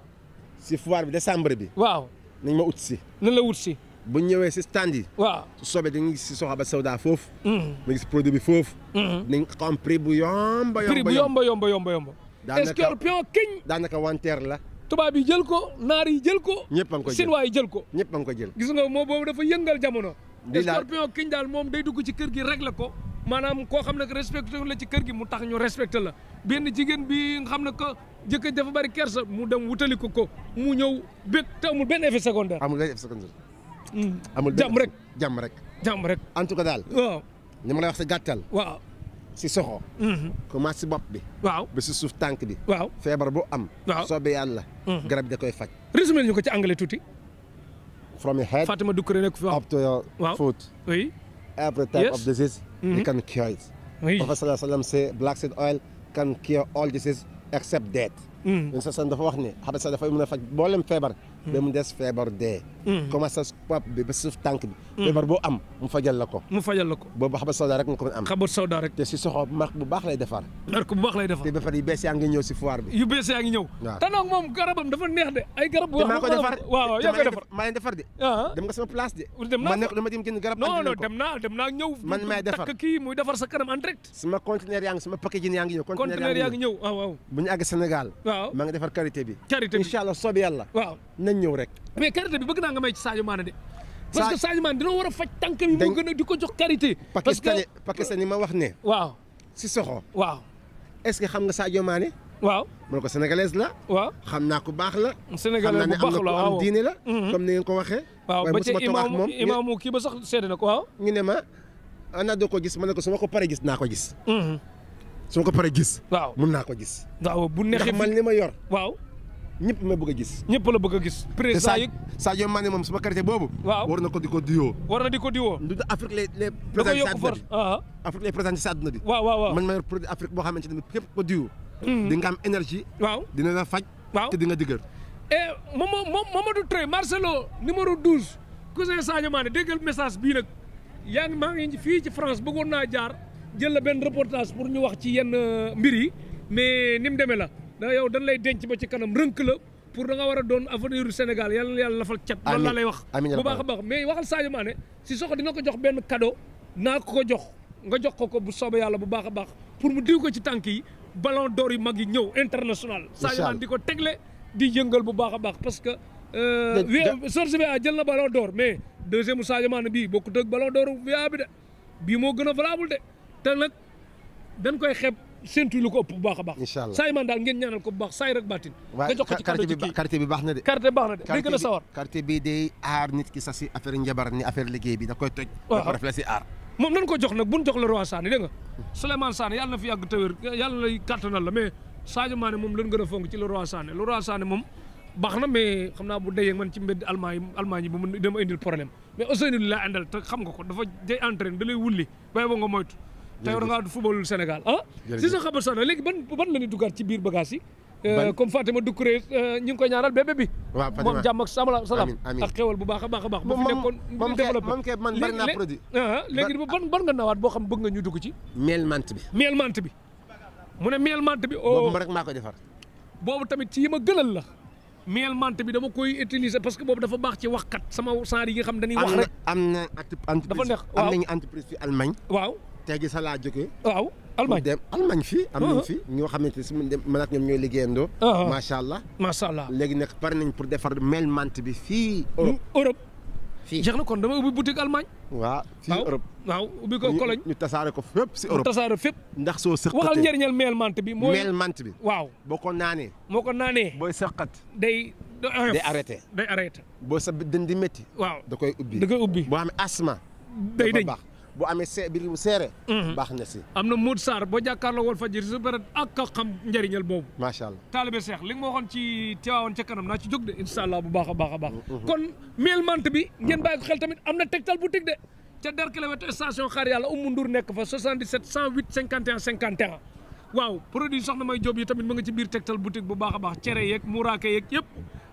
si foire bi décembre bi. waaw. nañ ma ut si. nan la wut si. bu ñëwee si stand yi. waaw su soobee dañuy si Soxaba Sawda foofu. Mm-hmm. ma gis produit bi foofu. Mm-hmm. nañ ko am prix bu yomba yomba prix bu yomba yomba yomba yomba. daanaka escorpion kiñ. daanaka wanteer la. tubaab yi jël ko naar yi jël ko. ñëpp a ngi ko jël sinwaa yi jël ko. ñëpp a ngi ko jël. gis nga moo boobu dafa yëngal jamono. di escorpion kiñ daal moom day dugg ci kër gi rek la ko. maanaam koo xam ne respecté la ci kër gi mu tax ñu respecté la benn jigéen bi nga xam ne que jëkkër dafa bari kersa mu dem wutali ko ko mu ñëw bég te amul benn effet secondaire. amul benn effet secondaire. Hmm. amul jàmm rek jàmm rek. jàmm rek en tout cas daal. waaw ñu ma lay wax si soxo. commence bopp bi. waaw ba si suuf tànk bi. waaw feebar bu am. waaw soobee yàlla. Hmm. garab da koy faj. résumé ñu ko ci anglais tuuti. from your head. Fatima nekk fi wax. up to your Mm -hmm. They can cure it. Oui. Prophet sallam say black seed oil can cure all diseases except death. Yonent mm. sallam dafa wax ne xabasa dafa mën a faj mboolem feebar. ba mu des feebar dee. Mm. commencé sa bi ba suuf tànk bi. Mm. feebar boo am mu fajal la ko. mu fajal la ko boobu xabat sawda rek nga ko mën am. xabat sawda rek. te si soxo marque bu baax lay defar. marque bu baax lay de. ay garab boo xam ko defar waaw yaa ko defar maa leen defar de. Ah. dem nga sama place ma dem gën garab. non non dem naa dem naa ñëw. man maay defar takk kii muy defar sa yaa ngi sama packaging yaa ngi ñëw. conteneur yaa ngi ñëw bi. karité bi incha allah nañ ñëw rek. mais karité bi bëgg naa nga may ci Sadio Mané de. parce que Sadio Mané dina war a faj tànk a ma wax ne. waaw Sissoko. waaw est-ce que xam nga Sadio Mané. waaw mën ko sénégalaise la. waaw xam naa ku baax la. sénégalais bu baax la waaw xam naa ne am na ku am diine la. Mhm. comme ni ngeen ko waxee. waaw ba ci imaamu imaamu kii ba sax seede na ko waaw. ñu ne ma ana doo ko gis ma ne ko su ma ko paree gis naa ko gis. Mhm. su ma ko paree gis. mun naa ko gis. waaw bu neexee man li ma yor. ñëpp ma bëgg a gis. ñëpp la bëgg gis. président yi Sadio Mané moom sama quartier boobu. waaw war na ko di ko diwoo. war na di ko diwoo. du Afrique les les présidents ci àdduna bi Afrique les présidents ci àdduna bi. waaw waaw man ma yor produit Afrique boo xamante ne képp ko diwoo. Mhm. di nga am énergie. waaw dina la faj. waaw te di nga dëgër. et eh, Marcelo numéro 12. cousin Sadio Mané déggal message bii nag yaa ngi maa ngi fii ci France bëggoon naa jaar jël la benn reportage pour ñu wax ci yenn euh, mbir yi mais ni mu demee la. da yow dañ lay denc ba ci kanam rënk la pour da war a doon avenir du Sénégal yàlla na yàlla lafal cat loolu laa lay wax bu baax a baax mais waxal Sadio Mané si soxla di nga ko jox benn cadeau naa ko ko jox nga jox ko ko bu soobee yàlla bu baax a baax pour mu diw ko ci tànk yi ballon d'or yu mag yi ñëw international Sadio Mané di ko tegle di yëngal bu baax a baax parce que euh, sorce bi jël na ballon door mais deuxième Sadio Mané bii bokkut ak ballon d'or bi de bii moo gën a valable de te nag dañ koy xeeb séntu lu ko ëpp a baax daal ngeen ñaanal ko baax saay rek baax na de quartier baax na de day a sawar quartier bi day aar nit ki sa njabar ni affaire liggéey bi da koy toj da ko def la si aar moom nga Souleymane Sané yàlla na fi yàgg tawér yàlla lay kàttanal la mais Sadio Mané moom lañ gën a fonk ci le roi Sané le baax na mais xam naa bu dayee man ci mbedd almaañ yi almaañ yi indil problème mais Ousseynou laa àndal te xam nga ko dafa day entraîne da wulli bay ba nga moytu tey war ngaa football Sénégal ah si ban ban la duggaat ci biir bagage yi euh, comme Fatima Doucouré euh, ñu ngi koy ñaanal bébé bi moom jàmm ak sama a ak bu baax a baax a baax ba fi nekkoon moom développé moom kay man bari naa produit ah, ah, léegi ban ban nga nawaat boo xam bëgg nga ñu dugg ci miel mant bi miel mant bi mu ne miel mant bi oh. boobu rek maa ko defar boobu tamit ci yi ma gënal la miel mant bi dama koy utiliser parce que boobu dafa baax ci waxkat sama saar yi nga xam dañuy wax rek am na dafa neex am nañu entreprise fi Allemagne waaw te gi sa laa jógee. waaw Allemagne dem Allemagne fii. am nañ uh-huh. fi ñoo xamante ne si man dem man ak ñoom ñooy liggéeyandoo. Uh-huh. macha allah macha allah. léegi nag pare nañ pour defar melmante bi fii. Europe fii jeex na kon dama ubbi boutique Allemagne. waaw fii Europe waaw ubbi ko Cologne ñu tasaare ko fépp si Europe tasaare fépp. ndax soo sëqatee waxal njëriñal melmante bi. mooy melmante bi waaw. boo ko naanee. moo ko naanee. booy sëqat day. day arrêté day arrêté. boo sa dënd di métti. waaw da koy ubbi da koy ubbi. boo xam ne asma. day dañ bu amee see biir bu seere mhm. baax na si am na Mood Sarr boo jàkkaarloo wal fajiri sa bërat ak a xam njëriñal boobu macha allah taalibe Seex li nga ma waxoon ci Tiwaawoon ca kanam naa ci jóg de incha allah bu baax baax a baax mhm. kon Mêle-Mante bi ngeen mhm. bàyyi xel tamit am na Tektal boutique de ca Derklé wetu station xaar yàlla Oumou Ndour nekk fa 77 108 51 51 waaw produit soxna may Jóob yi tamit mu nga ci biir Tektal boutique bu baax a baax cere yeeg muraake yeeg yëpp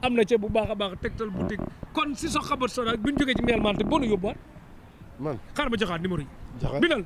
am baax a baax kon si sox xabat sona bi ñu jógee ci man xaar ma joxaat numéro yi. binal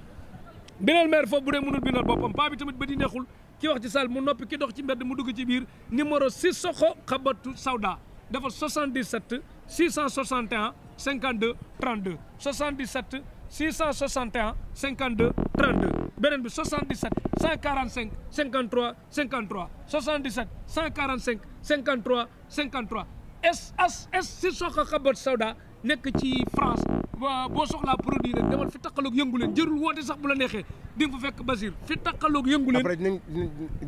binal maire foo bu dee mënul binal boppam paa bi tamit ba di neexul ki wax ci saal mu noppi ki dox ci mbedd mu dugg ci biir numéro Sissoko Habbatu Sauda dafa 77 661 52 32 77 661 52 32 beneen bi 77 145 53 53 77 145 53 53 SS Sissoko Habbatu Sauda. nekk ci France boo soxlaa produit rek demal fi taxaloog yëngu leen jërul woote sax bu la neexee di nga fekk Basir fi taxaloog yëngu leen. après dinañ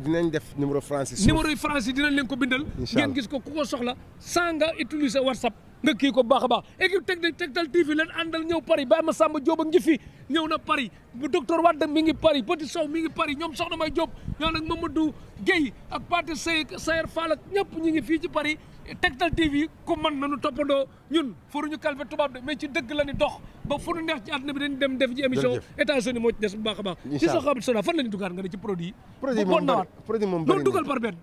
dinañ def numéro France yi. numéro France yi dinañ leen ko bindal. ngeen gis ko ku ko soxla saa nga utiliser WhatsApp. nga kii ko bu baax a baax équipe technique Tektal TV leen àndal ñëw Paris Baye Massamba Diop ak Njifi ñëw na Paris bu docteur Wade mi ngi Paris Petit Sow mi ngi Paris ñoom soxla may Diop ñoo nag Mamadou Guèye ak Pathé Seye Sayer Fall ak ñëpp ñi ngi fii ci Paris Tektal TV ku mën nañu toppandoo ñun faruñu calme tubaab de mais ci dëgg la ni dox ba fu nu neex ci àdduna bi dañu dem def ci émission États-Unis moo ci des bu baax a baax ci soo xamante sona fan la ñu dugaat nga ne ci produit yi bu bon nawaat loolu dugal par benn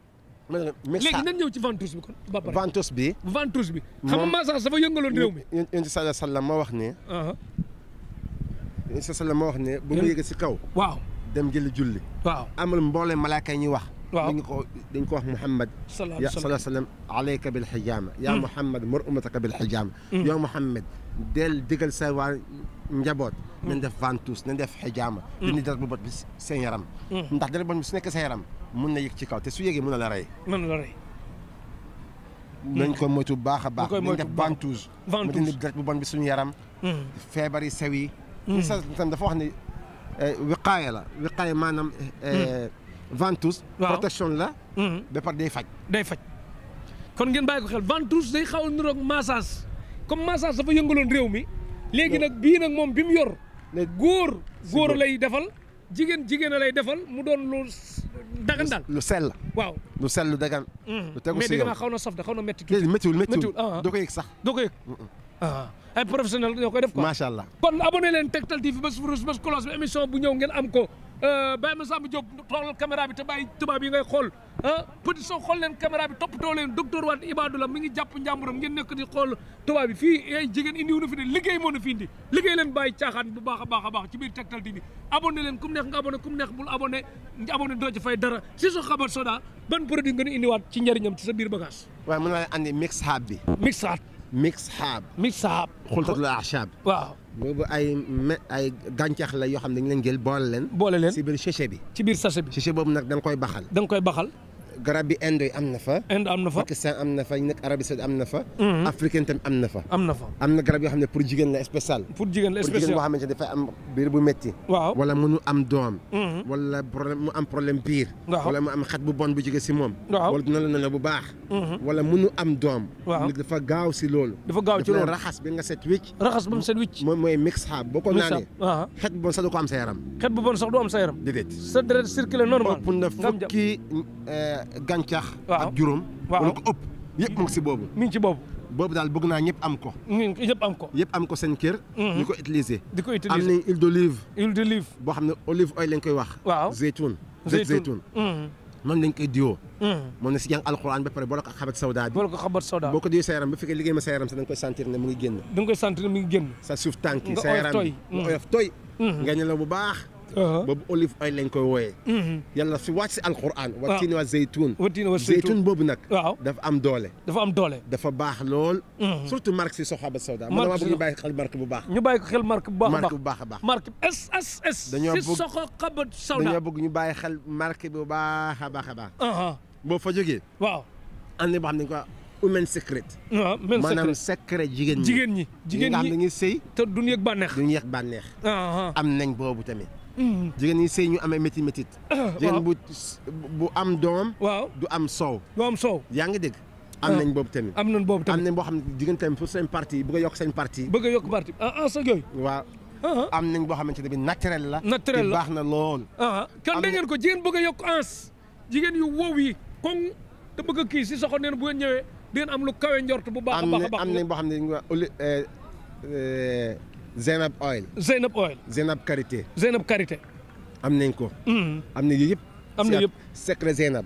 léegi nan ñëw ci ventouse bi kon ba pare ventouse bi ventouse bi xam nga massage dafa yëngaloon réew mi yéen ci sala ma wax ne ah ah. yéen ci sala ma wax kaw waaw dem jëli julli waaw amal mboole malaaka yi ñuy wax waaw dañ ko dañ ko wax Muhammad sallallahu alayhi wa sallam alayka bil xijaama yaa hmm. Muhammad mur umataka bil xijaama hmm. yow Muhammad del digal sa waa njaboot hmm. nañ def ventouse nañ def xijaama dañuy dara bu bët bi seen yaram ndax dara bu bët bi su nekk seen yaram mun na yëg ci kaw te su yëgee mun na la rey mën la rey nañ ko moytu baax a baax nañ def ventouse mu dindi dara bu bon bi suñu yaram feebar yi sew yi ñu sa tam dafa wax ne eh, wiqaaya la wiqaaya maanaam eh, eh, ventouse. waaw protection la. Mhm. ba pare day faj. day faj kon ngeen bàyyi ko xel ventouse day xaw a niroog massage comme massage dafa yëngaloon réew mi. léegi nag bii nag moom bi mu yor. góor góor lay defal. jigéen jigéen a lay defal mu doon lu dagan daal. lu sell. waaw lu sell lu dagan. Mhm. lu tegu si yow mais na sof da xaw na métti tuuti. méttiwul méttiwul ah, ah. doo ko yëg sax. doo ko ah, allah kon abonné leen Tektal TV ba su ba su cloche bi émission bu ñëw ngeen am ko. Euh, bàyyi ma Samba Diop xoolal caméra bi te bàyyi tubaab yi ngay xool ah petit soo xool leen caméra bi toppatoo leen docteur Wade Ibadou la mi ngi jàpp njàmburam ngeen nekk di xool tubaab yi fii ay jigéen indi wu na fi de liggéey moo na fi indi liggéey leen bàyyi caaxaan bu baax baax baax ci biir Tektal TV abonné leen ku mu neex nga abonné ku mu neex bul abonné nga abonné doo fay dara si soo xabar soda ban produit nga ñu indiwaat ci njariñam ci sa biir bagage. waaye mën naa leen andi mix mixxaab. mixxaab xultatul ahshab waaw. boobu ay me ay gàncax la yoo xam ne dañu leen jël boole leen. boole leen ci biir sachet bi. ci biir sachet bi sachet boobu nag da nga koy baxal. da nga koy baxal. garab yi Inde yi am na fa. Inde am na fa Pakistan am na fa ñu nekk Arabie Saoudite am na fa. Mhm. africain tamit am na fa. am na fa am na garab yoo xam ne pour jigéen la spécial. pour jigéen la spécial pour jigéen boo xamante ne dafay am biir bu métti. waaw wala mënu am doom. Mhm. wala problème mu am problème biir. wala mu am xet bu bon bu jóge si moom. waaw wala dina la nelaw bu baax. Mhm. wala mënu am doom. waaw dafa gaaw si loolu. dafa gaaw ci loolu dafa raxas bi nga set wicc. raxas ba mu set wicc. moom mooy mix xaab boo ko naanee. xet bu bon sax du ko am sa yaram. xet bu bon sax du am sa yaram. déedéet sa deret circulé normal. ëpp na fukki euh, gàncax. a ak juróom. waaw wala ko ëpp yëpp mu ngi si boobu. mi ngi ci boobu. boobu daal bëgg naa ñëpp am ko. ñëpp am ko. ñëpp am ko seen kër. ñu mhm. ko utiliser. di ko utiliser am nañ huile d'olive. huile boo xam ne olive oil lañ wax. waaw zeytun. zeytun moom mhm. lañ koy diwoo. Mhm. si jàng alxuraan ba pare ko xabat sawda boo ko diwee sa yaram sa yaram sax da nga koy sentir ne mu ngi génn. da nga koy sentir ne mu ngi génn. sa suuf tànk sa yaram nga oyof tooy nga ñelaw baax Uh-huh. boobu olive oil lañ koy wooyee mm-hmm. yàlla si wàcc si alquran wa tiin wa zeytun wa tiin wa zeytun boobu nag dafa am doole dafa am doole dafa baax lool mm-hmm. surtout marque si soxaba sawda man dama bëgg ñu bàyyi xel marque bu baax ñu bàyyi ko xel marque bu baax marque baax a baax marque SSS dañoo bëgg si soxaba sawda dañoo bëgg ñu bàyyi xel marque bu baax a baax a uh-huh. boo fa jógee waaw année boo xam ne quoi women secret waaw maanaam secret jigéen jigéen ñi jigéen xam ne dañuy te duñ yëg bànneex duñ yëg bànneex uh-huh. am nañ boobu tami Mm. jigéen ñi sëy ñu amee métit métit <coughs> jigéen bu am doom du am soow du am soow yaa ngi dégg ah. am nañ boobu tamit am nañ boobu tamit am nañ boo xam ne jigéen tamit pour seen parti bëgg a yokk seen parti bëgg a yokk parti ah, ah sa yooyu ah, am nañ boo xamante ne bi naturel la naturel la baax na lool kan da ngeen ko jigéen bëgg a yokk ans jigéen yu wow yi koŋ te bëgg a kii si soxo neen bu ngeen ñëwee di ngeen am lu kawe njort bu baax a a boo xam ne Zeynab Oil. Zeynab Oil. Zeynab Karité. Zeynab Karité. am nañ ko. Mm-hmm. am na yëpp. am na yëpp secret Zeynab.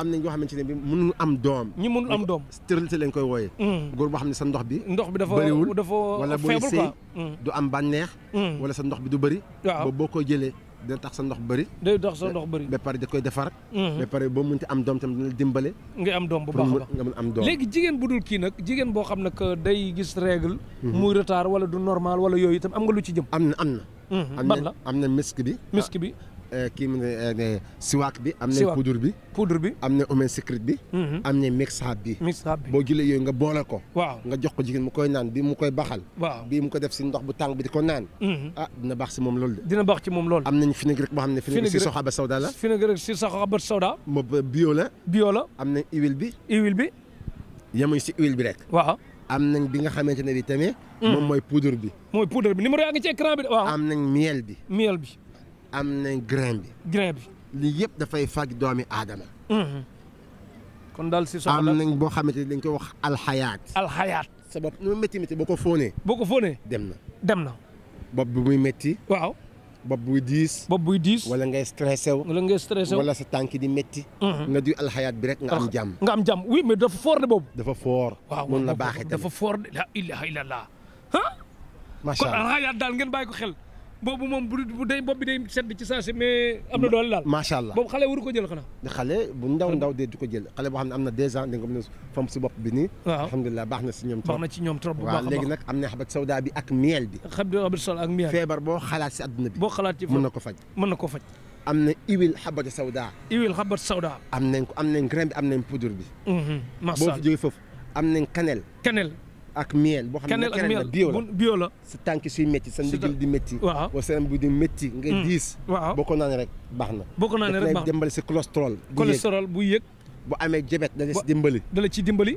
am nañ ñoo xamante ne bi mënuñu am doom ñi mënul am doom stérilité lañ koy wooyee mm. góor boo xam ne sa ndox bi ndox bi dafa bëriwul dafa wala booy mm. du am bànneex mm. wala sa ndox bi du bari boobu boo ko jëlee dina tax sa ndox bëri day tax sa ndox bëri ba pare da koy defar ba pare boo mënti am doom tamit dina dimbale ngay am doom bu baax a baax nga mën am doom léegi jigéen bu dul kii nag jigéen boo xam ne que day gis règle mm-hmm. muy retard wala du normal wala yooyu itam am nga lu ci jëm am na am na mm-hmm. am na misk bi misk bi Euh, kii mu ne euh, siwaak bi. am na poudre bi poudre bi. am na omen secret bi. Mhm. am na mixaab bi. mixaab bi boo jëlee yooyu nga boole ko. waaw nga jox ko jigéen mu koy naan bi mu koy baxal. waaw bii mu ko def si ndox bu tàng bi di ko naan. Mhm. ah dina baax si moom loolu de. dina baax loolu. am na fenugrec boo xam ne fenugrec si soxaba sawda la. fenugrec la. am na huile bi. huile bi. yemuñ si huile bi rek. waaw. am na bi nga xamante ne bi tamit. Mhm. moom mooy poudre bi. mooy poudre bi numéro yaa ngi ci écran bi miel bi. miel bi. am nañ grain bi. grain bi lii yëpp dafay faj doomi aadama. Mhm. kon dal si soxla am nañ boo xamante ne dañ koy wax alxayaat. alxayaat sa bopp nu mu métti métti boo ko fóonee. boo ko fóonee dem na. dem na. bopp bi muy métti. waaw. bopp buy diis. bopp buy diis. wala ngay stressé wu. wala ngay stressé wu di métti. Mhm. nga duy alxayaat bi rek nga am ah, jàmm. nga am jàmm oui mais dafa fort de boobu. dafa fort. waaw mun na baaxee tamit dafa fort de la ilaha illallah. macha allah kon alxayaat daal ngeen bàyyi ko xel. boobu moom bu bu day bopp bi day sedd ci saa si mais am na doole daal macha allah boobu xale waru ko jël xanaa bu ndaw ndaw dee du ko jël xale am na deux ans di nga mën a fam si bopp bi nii waaw alhamdulilah baax na si ñoom trop baax na bi ak miel bi si adduna bi boo na ko faj mën ko faj am na huile xabatu sawda huile xabatu sawda am nañ ko am nañ grain bi am nañ mhm. am nañ cannelle cannelle ak miel boo xam ne keneen la bio la bio la sa tànk suy métti sa ndigil di métti waaw wala sa bi di métti nga hmm. diis waaw boo ko naan rek baax na boo ko naan rek dimbali sa cholestérol bu yëg bu amee jabet da la ci dimbali da la ci dimbali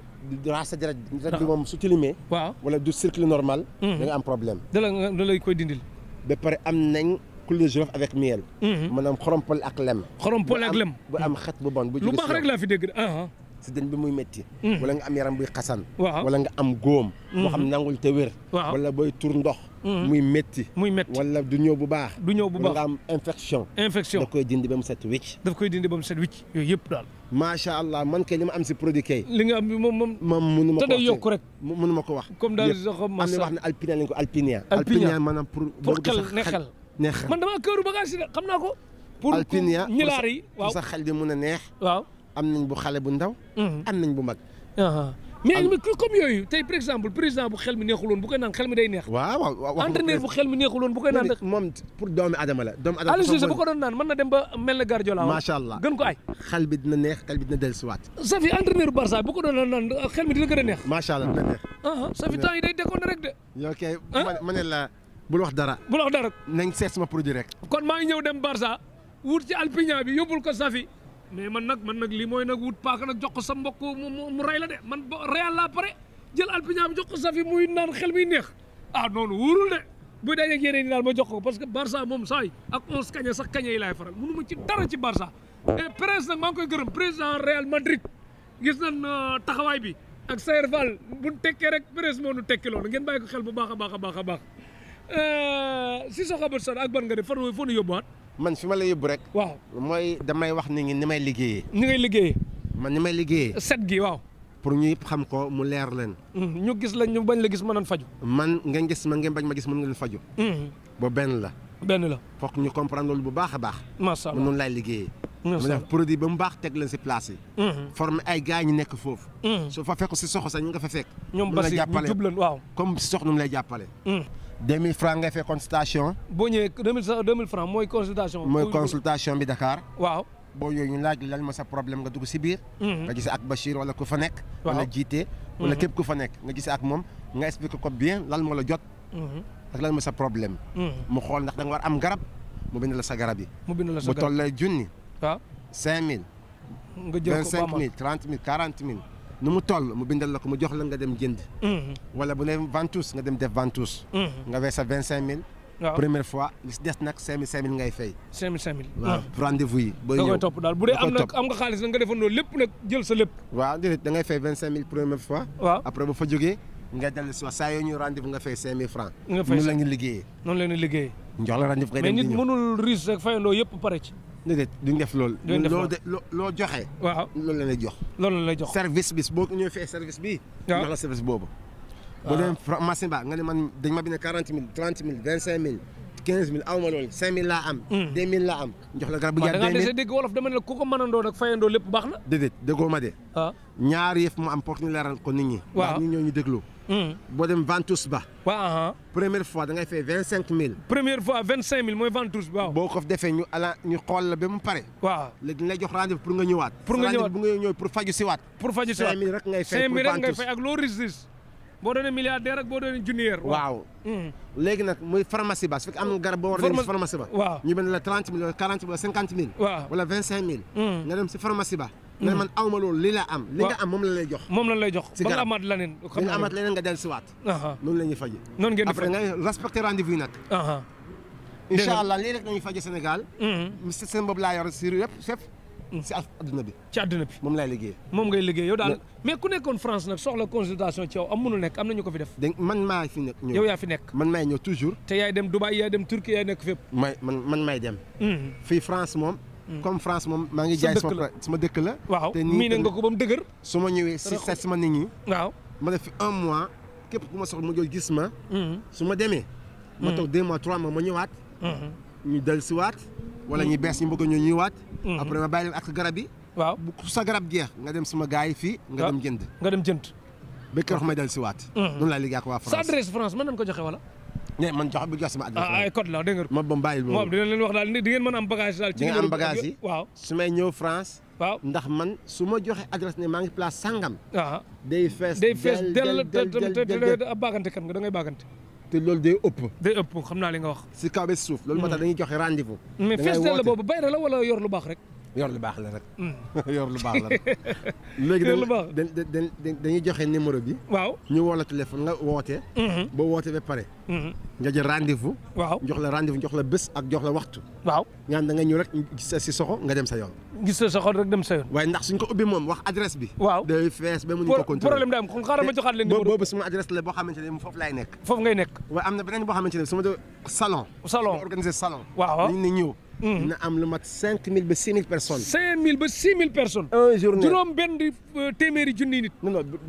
raa sa deret deret bi moom su tilimee waaw wala du cycle normal hmm. da nga am problème da la da lay koy dindil ba pare am nañ coule de girofle avec miel hmm. maanaam xorompol ak lem xorompol ak lem bu am xet bu bon bu lu baax rek laa fi si dën bi muy métti hmm. wala nga am yaram buy xasan wala nga am góom hmm. boo xam nangul te wér wala booy tur ndox hmm. muy métti muy métti wala du ñëw bu baax du ba mu set wicc daf koy dindi ba mu set wicc yooyu yëpp daal macha allah man kay li ma am si produit kay li ma ko te day yokk rek mënu ma ko wax comme daal am na wax ne alpinia lañ ko alpinia alpinia maanaam pour pour xel ne xel ne xel man damaa këru bagage si xam naa ko pour alpinia a waaw am nañ bu xale bu ndaw. Mhm. am nañ bu mag. mais mais comme yooyu tey par exemple président bu xel mi neexuloon bu koy naan xel mi day neex. waaw waaw entraîneur bu xel mi bu koy naan rek. moom pour doomi adama la. doomi adama Aliou Cissé bu ko doon naan mën na dem mel na Guardiola. macha allah gën ko ay. xel bi dina neex xel bi dina dellusiwaat. Safi entraîneur Barça bu ko doon naan xel mi dina gën a neex. macha allah dina neex. Safi temps yi day dekkoon rek de. yow kay ma ne la bul wax dara. bul nañ seet sama produit rek. kon maa ngi ñëw dem Barça wut ci Alpignan bi yóbbul ko Safi mais man nag man nag lii mooy nag wut paaka nag jox ko sa mbokk mu rey la de man ba reyal laa pare jël alpinaam jox ko sa fi muy naan xel muy neex ah noonu wóorul de bu dee ak yeneen yi daal ma jox ko parce que Barça moom saa yi ak onze kañe sax kañe yi laay faral mënu ma ci dara ci Barça. et Perez nag maa ngi koy gërëm président Real Madrid gis nañ euh, taxawaay bi ak Sayer Fall bu nu tekkee rek Perez moo nu tekki loolu ngeen bàyyi ko xel bu baax a baax a baax a baax. Cissokho Habbatu Sauda ak ban nga def fan foo ñu yóbbuwaat. man fi ma la yóbbu rek. waaw mooy damay wax ni ngi ni may liggéeyee. ni ngay liggéeyee. man ni may liggéeyee. set gi waaw. pour ñu yëpp xam ko mu leer leen. Hmm, ñu gis la ñu bañ la gis mën nañ faju man nga gis man ngeen bañ ma gis mën ngeen faju hmm. ba benn la. benn la foog ñu a baax. macha allah noonu ba mu baax teg leen si place yi. Hmm. former ay gars ñu nekk foofu. su fa fekk si soxo sax ñu nga fa fekk. ñoom basi ñu jublu waaw comme si soxo nu mu lay jàppale. deux mille francs ngay fay consultation. boo ñëwee deux mille francs mooy consultation. mooy consultation bi Dakar. boo ñëwee laaj lan ma sa problème nga dugg si mhm. nga gis ak Bachir wala ku fa jiite. wala mhm. képp ku nga gis ak moom nga expliqué ko bien lan moo la jot. Mhm. ak lan ma sa problème. mu xool ndax da nga war am garab mu bind la sa garab yi. mu junni. mille trente mille quarante mille. nu mu toll mu bindal la mu jox la nga dem jënd. Mhm. wala bu ne ventouse nga dem def ventouse. Mhm. nga wees sa vingt cinq mille. waaw fois li si des nag cinq mille cinq mille ngay mhm. yi. bu dee am nga xaalis nag nga defoon loolu lépp nag jël sa lépp. waaw déedéet da vingt cinq mille première fois. après bu fa jógee. nga dellu si wax saa yoo nga fay cinq mille francs. nga fay noonu la ñu liggéeyee. noonu pare ci. déedéet duñ def loolu. duñ def loolu loo joxe. waaw loolu la lay jox. loolu la lay jox service bis boo ñëwee fee service bii. waaw la service boobu. waaw bu dee machine ba nga ne man dañ ma bind quarante mille trente mille vingt cinq mille quinze mille aw ma loolu cinq mille laa am. Hmm. deux mille laa am. jox la garab bu jar deux mille waaw da ngaa dese dégg wolof dama ne la ku ko mënandoo nag fayandoo lépp baax na. déedéet déggoo ma de. waaw ah. ñaar yëf mu am pour ñu leeral ko nit ñi. waaw ndax ñun ñoo ñu dégloo. Hmm. boo dem ventouse ba. waaw uh-huh. première fois da ngay fay vingt cinq mille. première fois vingt cinq mille mooy ventouse ba waaw. boo ko defee ñu ala ñu xool la ba mu pare. waaw léegi ñu lay jox rendez-vous pour nga ñëwaat. pour nga ñëwaat bu nga ñëw pour faju si waat. pour faju si waat cinq mille rek ngay fay pour ventouse cinq mille rek ngay fay ak loo risque. boo doonee milliardaire ak boo doonee junior. waaw hmm. léegi nag muy pharmacie ba su fekkee am nga garab boo war a dem si pharmacie ba. waaw ñu mel ne la trente mille wala quarante mille wala cinquante mille. waaw wala vingt cinq mille. Hmm. nga dem si pharmacie ba. nga mhm. man awma loolu li la am li nga am moom la lay jox moom la lay jox ba nga amaat leneen ba nga amaat leneen nga dellu siwaat noonu la ñuy faje noonu ngeen après ngay respecté rendez-vous yi nag incha allah lii rek nañu faje Sénégal si mhm. seen boobu laa yor si yëpp chef mhm. si ci adduna moom laay liggéey moom ngay liggéey yow daal mais ku nekkoon France nag soxla consultation ci yow nekk am nañu ko fi def dégg man maa fi nekk yow yaa fi te yaay dem Dubaï yaay dem Turquie yaay nekk fépp may man dem fii France moom Mm. comme France moom maa ngi jaay sama dëkk la. waaw miin nga ko ba mu dëgër. su ma ñëwee si seet sama nit ñi. waaw ma def fi un mois képp ku ma soxla ma jël gis ma. Mm-hmm. su ma demee. ma mm-hmm. toog deux mois trois mois ma ñëwaat. Mm-hmm. ñu del si waat. wala ñu bees ñu bëgg ñoo ñëwaat. après ma bàyyi leen ak garab yi. sa garab jeex nga dem sama gars fii. nga dem jënd ba keroog may del si waat. noonu laa liggéey ak waa France sa adresse France mën nañu ko joxe wala. ne man jox bi jox sama adresse ah, ay code la dégg nga ma ba mu bàyyi moom dina leen wax daal di ngeen mën am bagage daal ci am bagage yi waaw su may ñëw France waaw ndax man su ma joxe adresse ne maa ngi place sangam waaw ah. day fees day fees del te bagante kan nga da ngay bagante te loolu day ëpp day ëpp xam naa li nga wax si kaw ba si suuf loolu moo tax mm. dañuy joxe rendez-vous mais fees del la boobu bayra la wala yor lu baax rek yor lu baax la rek. Mm. <laughs> yor lu baax la rek. <laughs> léegi dañuy dañuy joxe numéro bi. waaw ñu woo la téléphone nga woote. Mm-hmm. ba woote ba pare. Mm-hmm. nga jël rendez-vous. waaw jox la rendez-vous jox la bés ak jox la waxtu. waaw nga xam da nga ñëw rek gis si soxo nga dem sa yoon. gis sa soxo rek dem sa yoon. waaye ndax suñ ko ubbi moom wax adresse bi. waaw day fees ba mu ñu ko contrôler problème daam kon xaaral ma joxaat leen numéro boobu sama adresse la boo xamante ne foofu laay nekk. foofu ngay nekk. waaye am na beneen boo xamante ne sama salon. salon organiser salon. waaw nit ñi ñëw. Mm-hmm. na am lu mat cinq mille ba six mille personnes. cinq mille ba six mille personnes. un journée benn euh, téeméeri junni nit.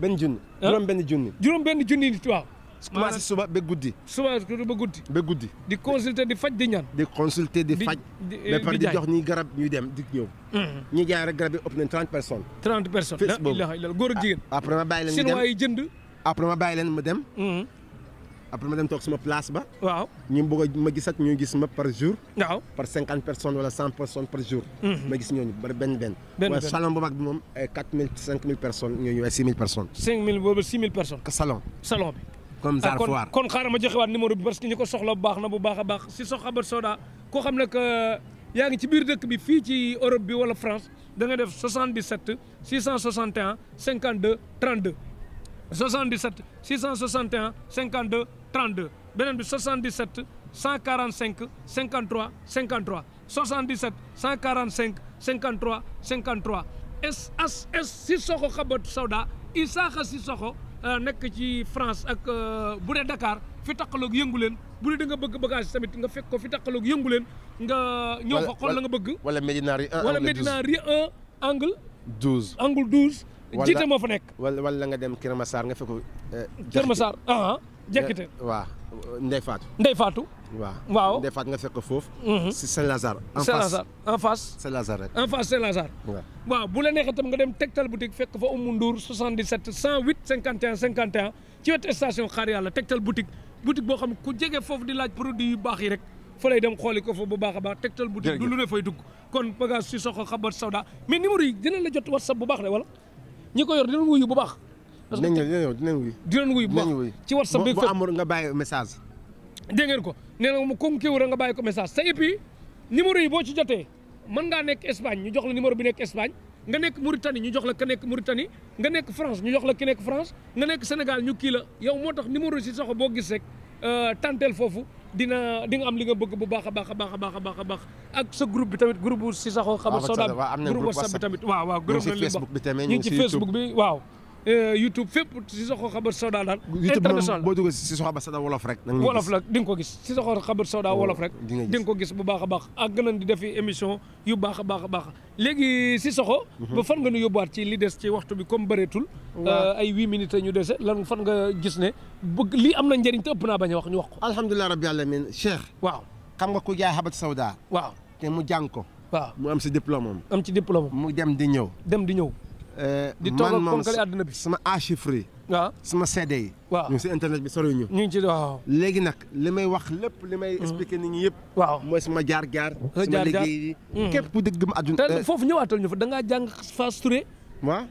benn junni. juróom benn junni. juróom benn junni nit waaw. commencé suba guddi. suba ba guddi. ba guddi. di consulter di faj di ñaan. di consulter di faj. di eh, di par di jox ñi garab ñuy dem di ñëw. Mm-hmm. ñi jaay rek garab yi ëpp nañ trente personnes. trente personnes. fés boobu góor ak jigéen. ñu dem chinois yi jënd. après ma bàyyi dem. Mm-hmm. après ma dem toog suma place ba. waaw ñu bëgg ma gis ak ñuy gis ma par jour. waaw par cinquante personnes wala personnes par jour. Mhm. ma gis ñooñu bari benn benn. salon bu bi moom personnes ñooñu waaye personnes. cinq salon salon bi. comme Zara ah, Foire kon kon xaaral ma joxe bi parce que ñi ko soxla bu baax na bu baax a baax si soxla ba Soda koo xam ne que yaa ngi ci biir dëkk bi fii ci Europe bi wala France da nga def 77 661 52 77 661 52 32 beneen bi 77 145 53 53 77 145 53 53 SHS Sissoko Habbatu Sauda Isaaxa Sissoko nekk ci France ak euh, bu dee Dakar fi taqaloog yëngu leen bu dee nga bëgg bagage tamit nga fekk ko fi taqaloog yëngu leen nga ñëw fa la nga bëgg. wala Médina rue 1 angle 12 angle. 12 jiite moo fa nekk. wala wala nga dem Kër Masar nga fekk ko. Eh, Kër Masar ah, ah jekkite waaw Ndeye Fatou. Ndeye Fatou. nga fekk foofu. Mhm. si Saint Lazare. en waaw bu la neexee tam nga dem Tektal boutique fekk fa Oumou Ndour 77 108 51 51 ci wetu station xaar yàlla Tektal boutique boutique boo xam ne ku jege foofu di laaj produit yu baax yi rek. fa lay dem xooli ko fa bu baax a baax Tektal boutique du lu ne fay dugg kon bagage si soxo xabar sawda mais la jot ñi ko yor dinañ wuyu bu baax. parce que dinañ wuyu dinañ wuyu bu baax ci whatsapp bi. boo amul nga bàyyi message. dégg ngeen ko nee na mu comme kii wu nga bàyyi ko message sa et puis yi boo ci jotee mën ngaa nekk Espagne ñu jox la numéro bi nekk Espagne nga nekk Mauritanie ñu jox la ka nekk Mauritanie nga nekk France ñu jox la ki nekk France nga nekk Sénégal ñu kii la yow moo tax numéro si sax boo gis rek Euh, tanteel foofu dina di nga am li nga bu baax a baax a baax a baax a baax ak sa groupe bi tamit groupe bu si saxoo xam nga waaw waaw groupe Facebook bi ngi ci Facebook bi waaw Eh, YouTube fépp Sissoko Habbatu Sauda daal. international YouTube moom boo duggee Sissoko Habbatu Sauda wolof rek. wolof la di nga ko gis si Sissoko Habbatu Sauda oh, wolof rek. dinga nga ko gis bu baax baax ak gën di defi émission yu baax a baax a baax léegi Sissoko. Mhm. ba fan nga ñu yóbbuwaat ci li des ci waxtu bi comme bëreetul. Euh, ay huit minutes ñu des lan fan nga gis ne bëgg lii am na njëriñ te ëpp naa bañ a wax ñu wax ko. alhamdulilah rabbi alamin Cheikh. waaw xam nga ku jaay Habbatu Sauda. waaw te mu jàng ko. waaw mu am si diplôme am. am ci diplôme mu dem di ñëw. dem di ñëw Eh, di toog ak ponkali àdduna bi sama a chiffre yi. waaw sama CD waaw ñu ngi si internet bi sori ñu. ñu ngi ci waaw. léegi nag li may wax lépp li may mm. expliqué nit ñi yëpp. waaw mooy sama jaar jaar. sama jaar jaar sama liggéey yi. Mm. képp ku dëgg eh. foofu ñëwaatal ñu fa da ngaa jàng Fass Touré. waaw.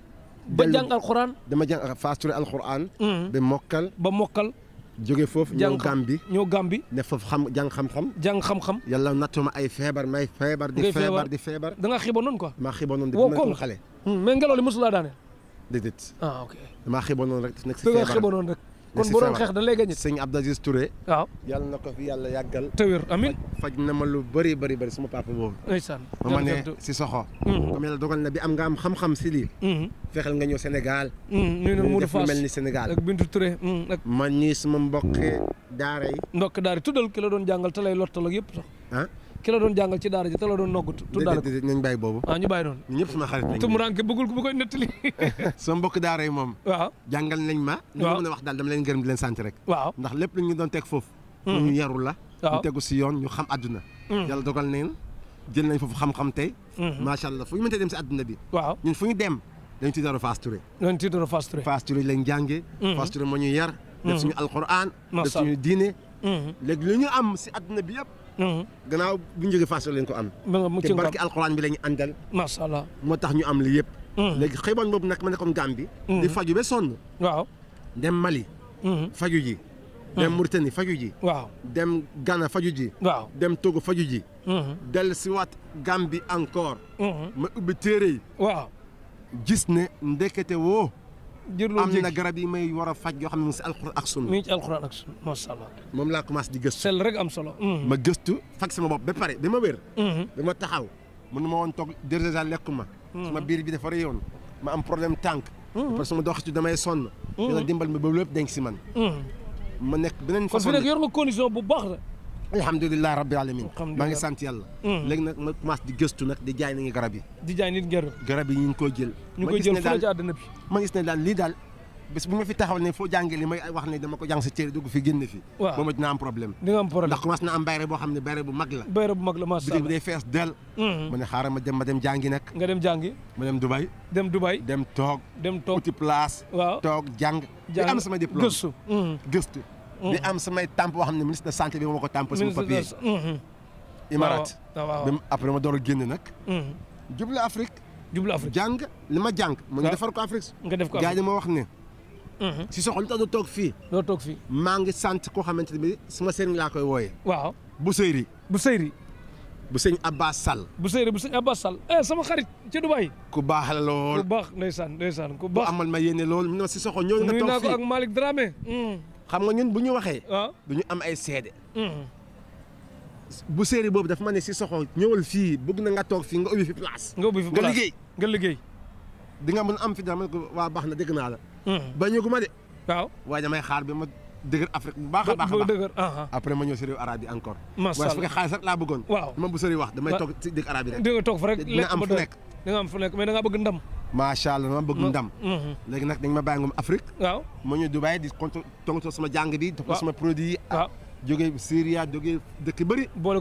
ba jàng alxuraan. dama jàng Fass al alxuraan. Mm. ba mokkal ba mokkal. jóge foofu ñëw Gàmbi ñëw Gàmbi ne foofu xam jàng xam-xam jàng xam-xam yàlla nattuma ay feebar may feebar di feebar di feebar da nga xiiboon noonu quoi maa xiiboon noonu depuis ma xale hmm, mais ngelaw li mosul laa daaneel déedéet ah ok maa xiiboon noonu rek nekk si feebar xiiboon noonu rek kon bu doon xeex da lay gañe sëñ Abdou Aziz Touré waaw yàlla na ko fi yàlla yàggal ba ma ne si soxo mm-hmm. comme yàlla dogal na bi am nga am xam-xam si lii mm-hmm. fexeel nga ñëw Sénégal ñu mm-hmm. ne Modou Fass mel ni Sénégal ak Bintu Touré ak man ñii suma mbokk daara yi mbokk ki la doon jàngal te lay lottal ak yëpp ki doon jàngal ci daara ji doon noggutu tuddaale ko nañ bàyyi boobu ah ñu bàyyi noonu ñëpp sama xarit lañ tumuranke bëggul ko bu koy nettali sama <laughs> mbokk yi moom waaw jàngal ma li ma mën a wax daal dama leen gërëm di leen sant rek waaw ndax lépp lu ñu doon teg foofu hmm. ñu yarul la ñu tegu si yoon ñu xam àdduna hmm. yàlla dogal neen xam-xam tey hmm. macha allah fu ñu mënta dem si àdduna bi waaw fu ñu dem dañ tiitaroo Fass Touré dañ tiitaroo Fass Touré Fass Touré lañ jànge Fass Touré moo ñu yar def suñu alquran def suñu diine léegi lu am si àdduna bi yëpp Mhm. gannaaw bu ñu jógee Fass lañ ko am. te barki alxuraan bi la ñu àndal. macha allah moo tax ñu am li yëpp. Mhm. léegi xëyban boobu nag ma nekkoon Gambie. Mhm. di faju ba sonn. waaw dem Mali. faju ji. dem Mauritanie faju ji. waaw dem Ghana faju ji. waaw dem Togo faju ji. dellu si waat encore. ma ubbi téere yi. waaw gis woo. jërëjëf am na garab yi may war a faj yoo xam ne mu ngi si alxuraan ak sunna. mi ngi ci alxuraan ak sunna macha allah. moom laa commencé di gëstu. sell rek am solo. Mm-hmm. ma gëstu faj sama bopp ba pare dama wér. dama mm-hmm. taxaw mën ma woon toog deux ans lekkuma. Mm-hmm. sama biir bi dafa réyoon ma am problème tànk. parce que ma dox ci damay sonn. dina dimbal ma ba lépp denc si man. ma nekk beneen façon kon bu baax alhamdulilah rabbil alamin maa ngi sant yàlla mm. léegi nag ma commencé di gëstu nag di jaay nañu garab yi di jaay nit garab garab yi ñu ngi koy jël ñu koy jël fu ci àddina bi ma gis ne daal lii daal bés bu ma fi taxaw ne foo jàngee li may wax ne dama ko jàng sa cër dugg fi génn fi waaw moom dina am problème dina am problème ndax commencé na am bayre boo xam ne bayre bu mag la bayre bu mag la macha allah bi day fees del mm-hmm. ma ne xaaral ma dem ma dem jàngi nag nga dem jàngi ma dem Dubai dem Dubai dem toog dem toog uti place waaw toog jàng am sama diplôme gëstu mm-hmm. gëstu di am samay tàmp boo xam ne ministre de santé bi moo ko tàmp sama papier mhm. imarat bi après ma door a génn nag mhm. jublu Afrique jublu Afrique jàng li ma jàng ma defar ko Afrique nga def ko gaa yi ma wax ne mhm. si soxla lu tax doo toog fii doo toog fii maa ngi sant koo laa koy wooyee waaw bu sëyri bu sëyri bu sëñ Abbas Sall. Abbas Sall eh, sama xarit ci Dubaï. ku baax la lool ku baax ndeysaan ndeysaan ku baax amal ma yéene lool ñu ne ma si soxla ñëw nga xam nga ñun bu ñu waxee. du ñu am ay seede. Hmm. bu séeréer boobu dafa ma ne si soxo ñëwal fii bëgg na nga toog fii nga ubbi fi place. nga ubbi fi place nga liggéey di nga mën am fi dama ne ko waa baax na dégg naa la. Hmm. bañu gu ma de. waaw waaye damay xaar bi ma dëgër Afrique bu baax a baax. ba dëgër après ma ñëw si réew encore. macha allah waaye su fekkee xaalis rek laa bëggoon. waaw bu sori wax damay toog si dëkk arabe yi rek. toog fa rek lekk am fu nekk. dina am fu nekk mais da ngaa bëgg ndam macha allah ma bëgg mm-hmm. ndam. léegi nag dañ ma bàyyi ngoom Afrique. waaw ma ñëw di compte toog sama jàng bi. waaw sama produit yi. waaw jógee Syria jógee dëkk bëri. boole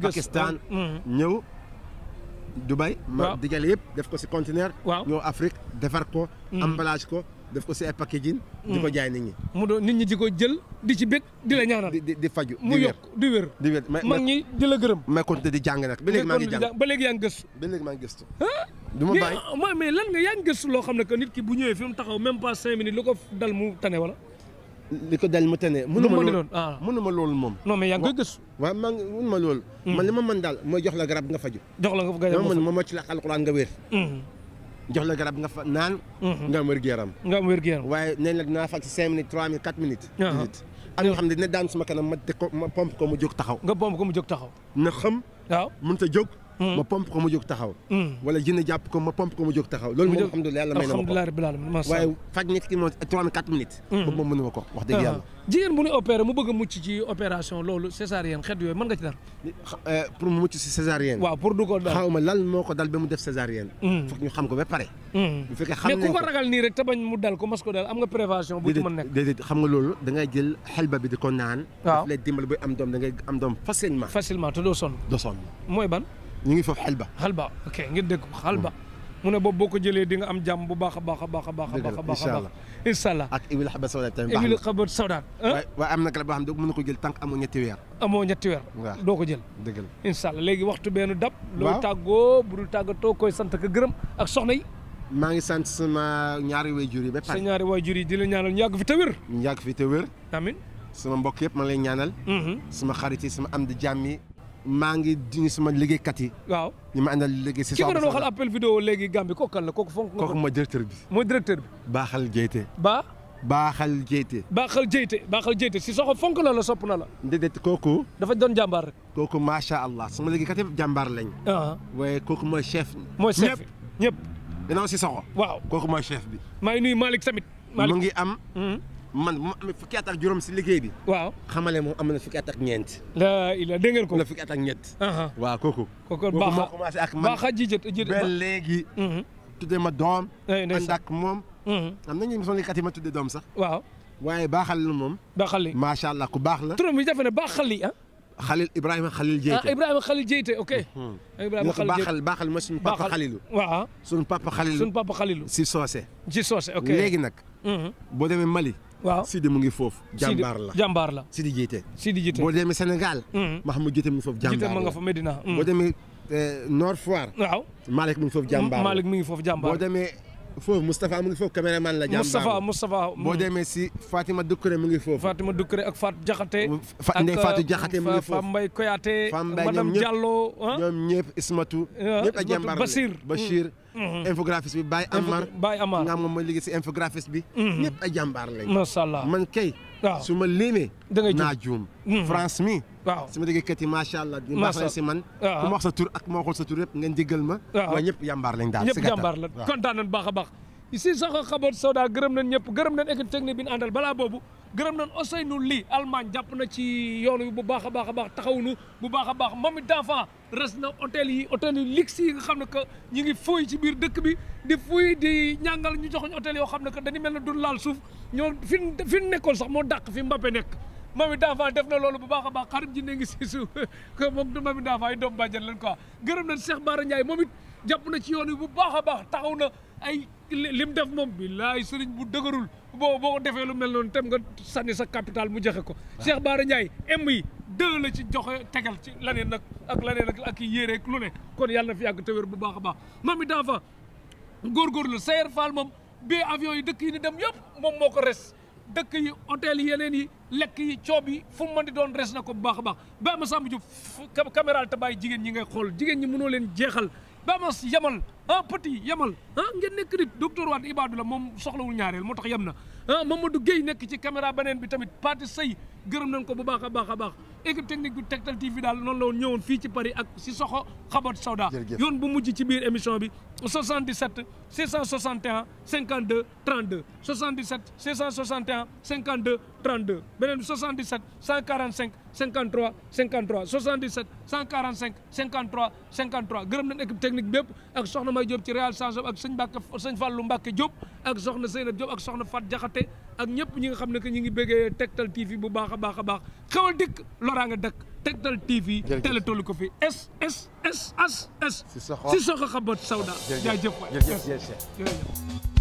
Pakistan mm-hmm. ñëw. Dubaï. ma digale yëpp def ko si conteneur. waaw ñëw Afrique ko. Mm-hmm. emballage ko. def ko si ay packaging di ko hmm. jaay nit mu doon nit ñi ko jël di ci bég di la ñaanal. di di faju di wér mu yokk di wér. di wér mais mag ñi di la gërëm. mais kon di jàng nag. ba léegi maa ngi jàng ba léegi yaa ngi gëstu. ba léegi maa ngi gëstu. Ah, lan nga yaa ngi gëstu loo xam ne que nit ki bu ñëwee fi mu taxaw même pas cinq minutes lu ko dal mu tane wala. li ko dal mu tane. mënu ma loolu ah. mënu ma lool moom. no mais yaa ngi koy gëstu. ma maa ngi mënu ma loolu. Hmm. man li ma mën daal mooy jox la garab nga faju jox la nga garab nga faju dama mën ma mocc la alxuraan nga wér hmm. jox la garab nga fa naan. Mhm. nga am wér-gu-yaram. nga am wér-gu-yaram waaye nee na dinaa faj cinq minutes trois minutes quatre minutes. Ah. am na ñoo xam ne dina daan suma kanam ma te ko ma pompe ko mu jóg taxaw. nga pompe ko mu jóg taxaw. na xam. waaw mënut a jóg. ma pomp ko mu jóg taxaw wala jinne jàpp ko ma pomp ko mu jóg taxaw loolu moom alhamdulilah yàlla may ma ko waaye faj nit ki moom trois quatre minutes mm. boobu moom mënuma ko wax dëgg yàlla ah. jigéen bu ñu mu bëgg a mucc ci opération loolu césarienne xet yooyu mën nga ci dara euh, pour mu mucc si césarienne waaw pour dal ma lan moo ko dal ba mu def césarienne mm. foog ñu xam ko ba pare mm. bu ku ko ragal nii rek mu dal ko mas dal am nga prévention da ngay jël xelba ñu ngi foofu xalba xalba ok ngeen dégg ko xalba mm. mu ne boobu boo ko jëlee di nga am jàmm bu baax a baax a baax a baax a baax incha allah ak ibil ko jël tànk amoo ñetti weer la incha allah léegi waxtu benn dab loolu tàggoo bu dul tàggatoo koy ka gërëm ak soxna yi maa ngi sant ñaari waajur yi ba pare sa ñaari waajur yi di la ñaanal ñu yàgg fi te wér ñu yàgg fi te wér amiin sama mbokk yëpp ma lay ñaanal mhm. sama xarit yi sama am di jàmm maa ngi di sama liggéeykat yi. waaw ñi ma àndal liggéey si. saa ko doon waxal appel vidéo léegi Gambie kooku kan la kooku fonk nga. kooku mooy directeur bi. mooy directeur bi. Baaxal Jeyte. Ba. Baaxal Jeyte. Baaxal Jeyte Baaxal Jeyte si soxo fonk na la sopp na la. déedéet kooku. dafa doon jàmbaar rek. kooku macha allah sama liggéeykat yëpp jàmbaar lañ. Uh-huh. waaye kooku mooy chef. mooy chef ñëpp ñëpp. dinaa si soxo. waaw kooku mooy chef bi. maa ngi nuyu Malick tamit. Malick ngi am. Mm-hmm. man bu ma amee fukki at ak si liggéey bi. waaw xamale moom am na fukki at ak ñeent. la ila dégg ngeen ko. am na fukki at ak ñett. waaw baax a commencé ak man baax a ji ma doom. ànd ak moom. Mhm. am na ñu sonn kat yi ma tuddee doom sax. waaw waaye baaxal la moom. baaxal li macha allah ku baax la. turam yi dafa ne baaxal li ah. Xalil Ibrahima Xalil Jeyte ah Ibrahima Xalil Jeyte ok. Mhm. Ah, Ibrahima Xalil Jeyte baaxal baaxal ma suñu papa Xalilu. waaw suñu papa Xalilu. suñu papa Xalilu si soose. si soose ok léegi nag. Mhm. boo demee Mali. waaw de mu ngi foofu. jàmbaar la jàmbaar la. Sidi Jité. Sidi Jité boo demee Sénégal. Mm-hmm. Mahamadou Jité mu ngi foofu jàmbaar la Jité ma nga fa Medina. Mm-hmm. boo demee eh, Nord Foire. waaw Malick mu ngi foofu jàmbaar la mm-hmm. Malick mu ngi foofu jàmbaar boo demee. foofu Moustapha mu la. jàmbaar Moustapha Moustapha. boo demee si Fatima Doucouré mu ngi foofu. Fatima Doucouré ak Fatou Diakhaté. ak Ndeye Fatou Diakhaté mu ngi euh, foofu Fam Mbaye Koyaté. Fam Mbaye ñoom Mhm. infographiste bi Baye Amar nga moom liggéey si infographiste bi. Mhm. ñëpp ay jàmbaar lañ. man kay. su ma léemee. da nga mhm. France mi. waaw sama liggéeykat yi macha allah. si man. ku ma wax sa tur ak ma waxul sa tur yëpp ngeen jéggal ma. waaw ñëpp jàmbaar lañ daal. si gàttal ñëpp jàmbaar la kontaan nañ baax a Soda gërëm nañ ñëpp gërëm nañ équipe technique boobu gërëm nañ Ousseynou Ly Allemagne jàpp na ci yoon wi bu baax a baax a baax taxawunu bu baax a baax Mamy Danfan res na hôtel yi hôtel yu luxe yi nga xam ne que ñu ngi fuuy ci biir dëkk bi di fuuy di ñangal ñu joxoñ hôtel yoo xam ne que dañu mel ne du laal suuf ñoo fi fi nekkoon sax moo dàq fi Mbappé nekk Mamy Danfan def na loolu bu baax a baax xarit ji ne ngi si suuf que <laughs> moom du Mamy Danfan ay doom bàjjen lañ ko gërëm nañ Cheikh Bara ñaay moom it jàpp na ci yoon wi bu baax a baax taxaw na ay lim def moom billaay sëriñ bu dëgërul boo boo defee lu mel noonu tem nga sànni sa capital mu joxe ko. Cheikh Bara Ndiaye em yi deux la ci joxe tegal ci laneen nag ak laneen ak ak yére lu ne kon yàlla na fi yàgg te wér bu baax a baax Mamy Danfa la Sayer Fall moom bii avion yi dëkk yi ni dem yëpp moom moo ko res. dëkk yi hôtel yi yeneen yi lekk yi coob yi fu mën di doon res na ko bu baax a baax ba ma sàmm ju caméral te bàyyi jigéen ñi ngay xool jigéen ñi mënoo leen jeexal ba ma yamal ah petit yemal ah ngeen nekk nit docteur Wade Ibadou la moom soxlawul ñaareel moo tax yem na ah Mamadou Guèye nekk ci caméra beneen bi tamit Pati Sey gërëm nañ ko bu baax a baax a baax équipe technique bu Tektal TV daal noonu la woon ñëwoon fii ci Paris ak si soxo xabat sawda yoon bu mujj ci biir émission bi 77 661 52 32 77 661 52 32 beneen bi 77 145 53 53 77 145 53 53 gërëm nañ équipe technique bépp ak soxna Damay Diop ci réalisation ak sëñ Mbacke sëñ Fallou Mbacke Diop ak soxna Seynab Diop ak soxna Fat Jaxate ak ñëpp ñi nga xam ne que ñu ngi bëggee Tektal TV bu baax a baax a baax xewal dikk loraa nga dëkk Tektal TV télé tollu ko fi S S S S S si soxo xabat sawda jaajëf waay jërëjëf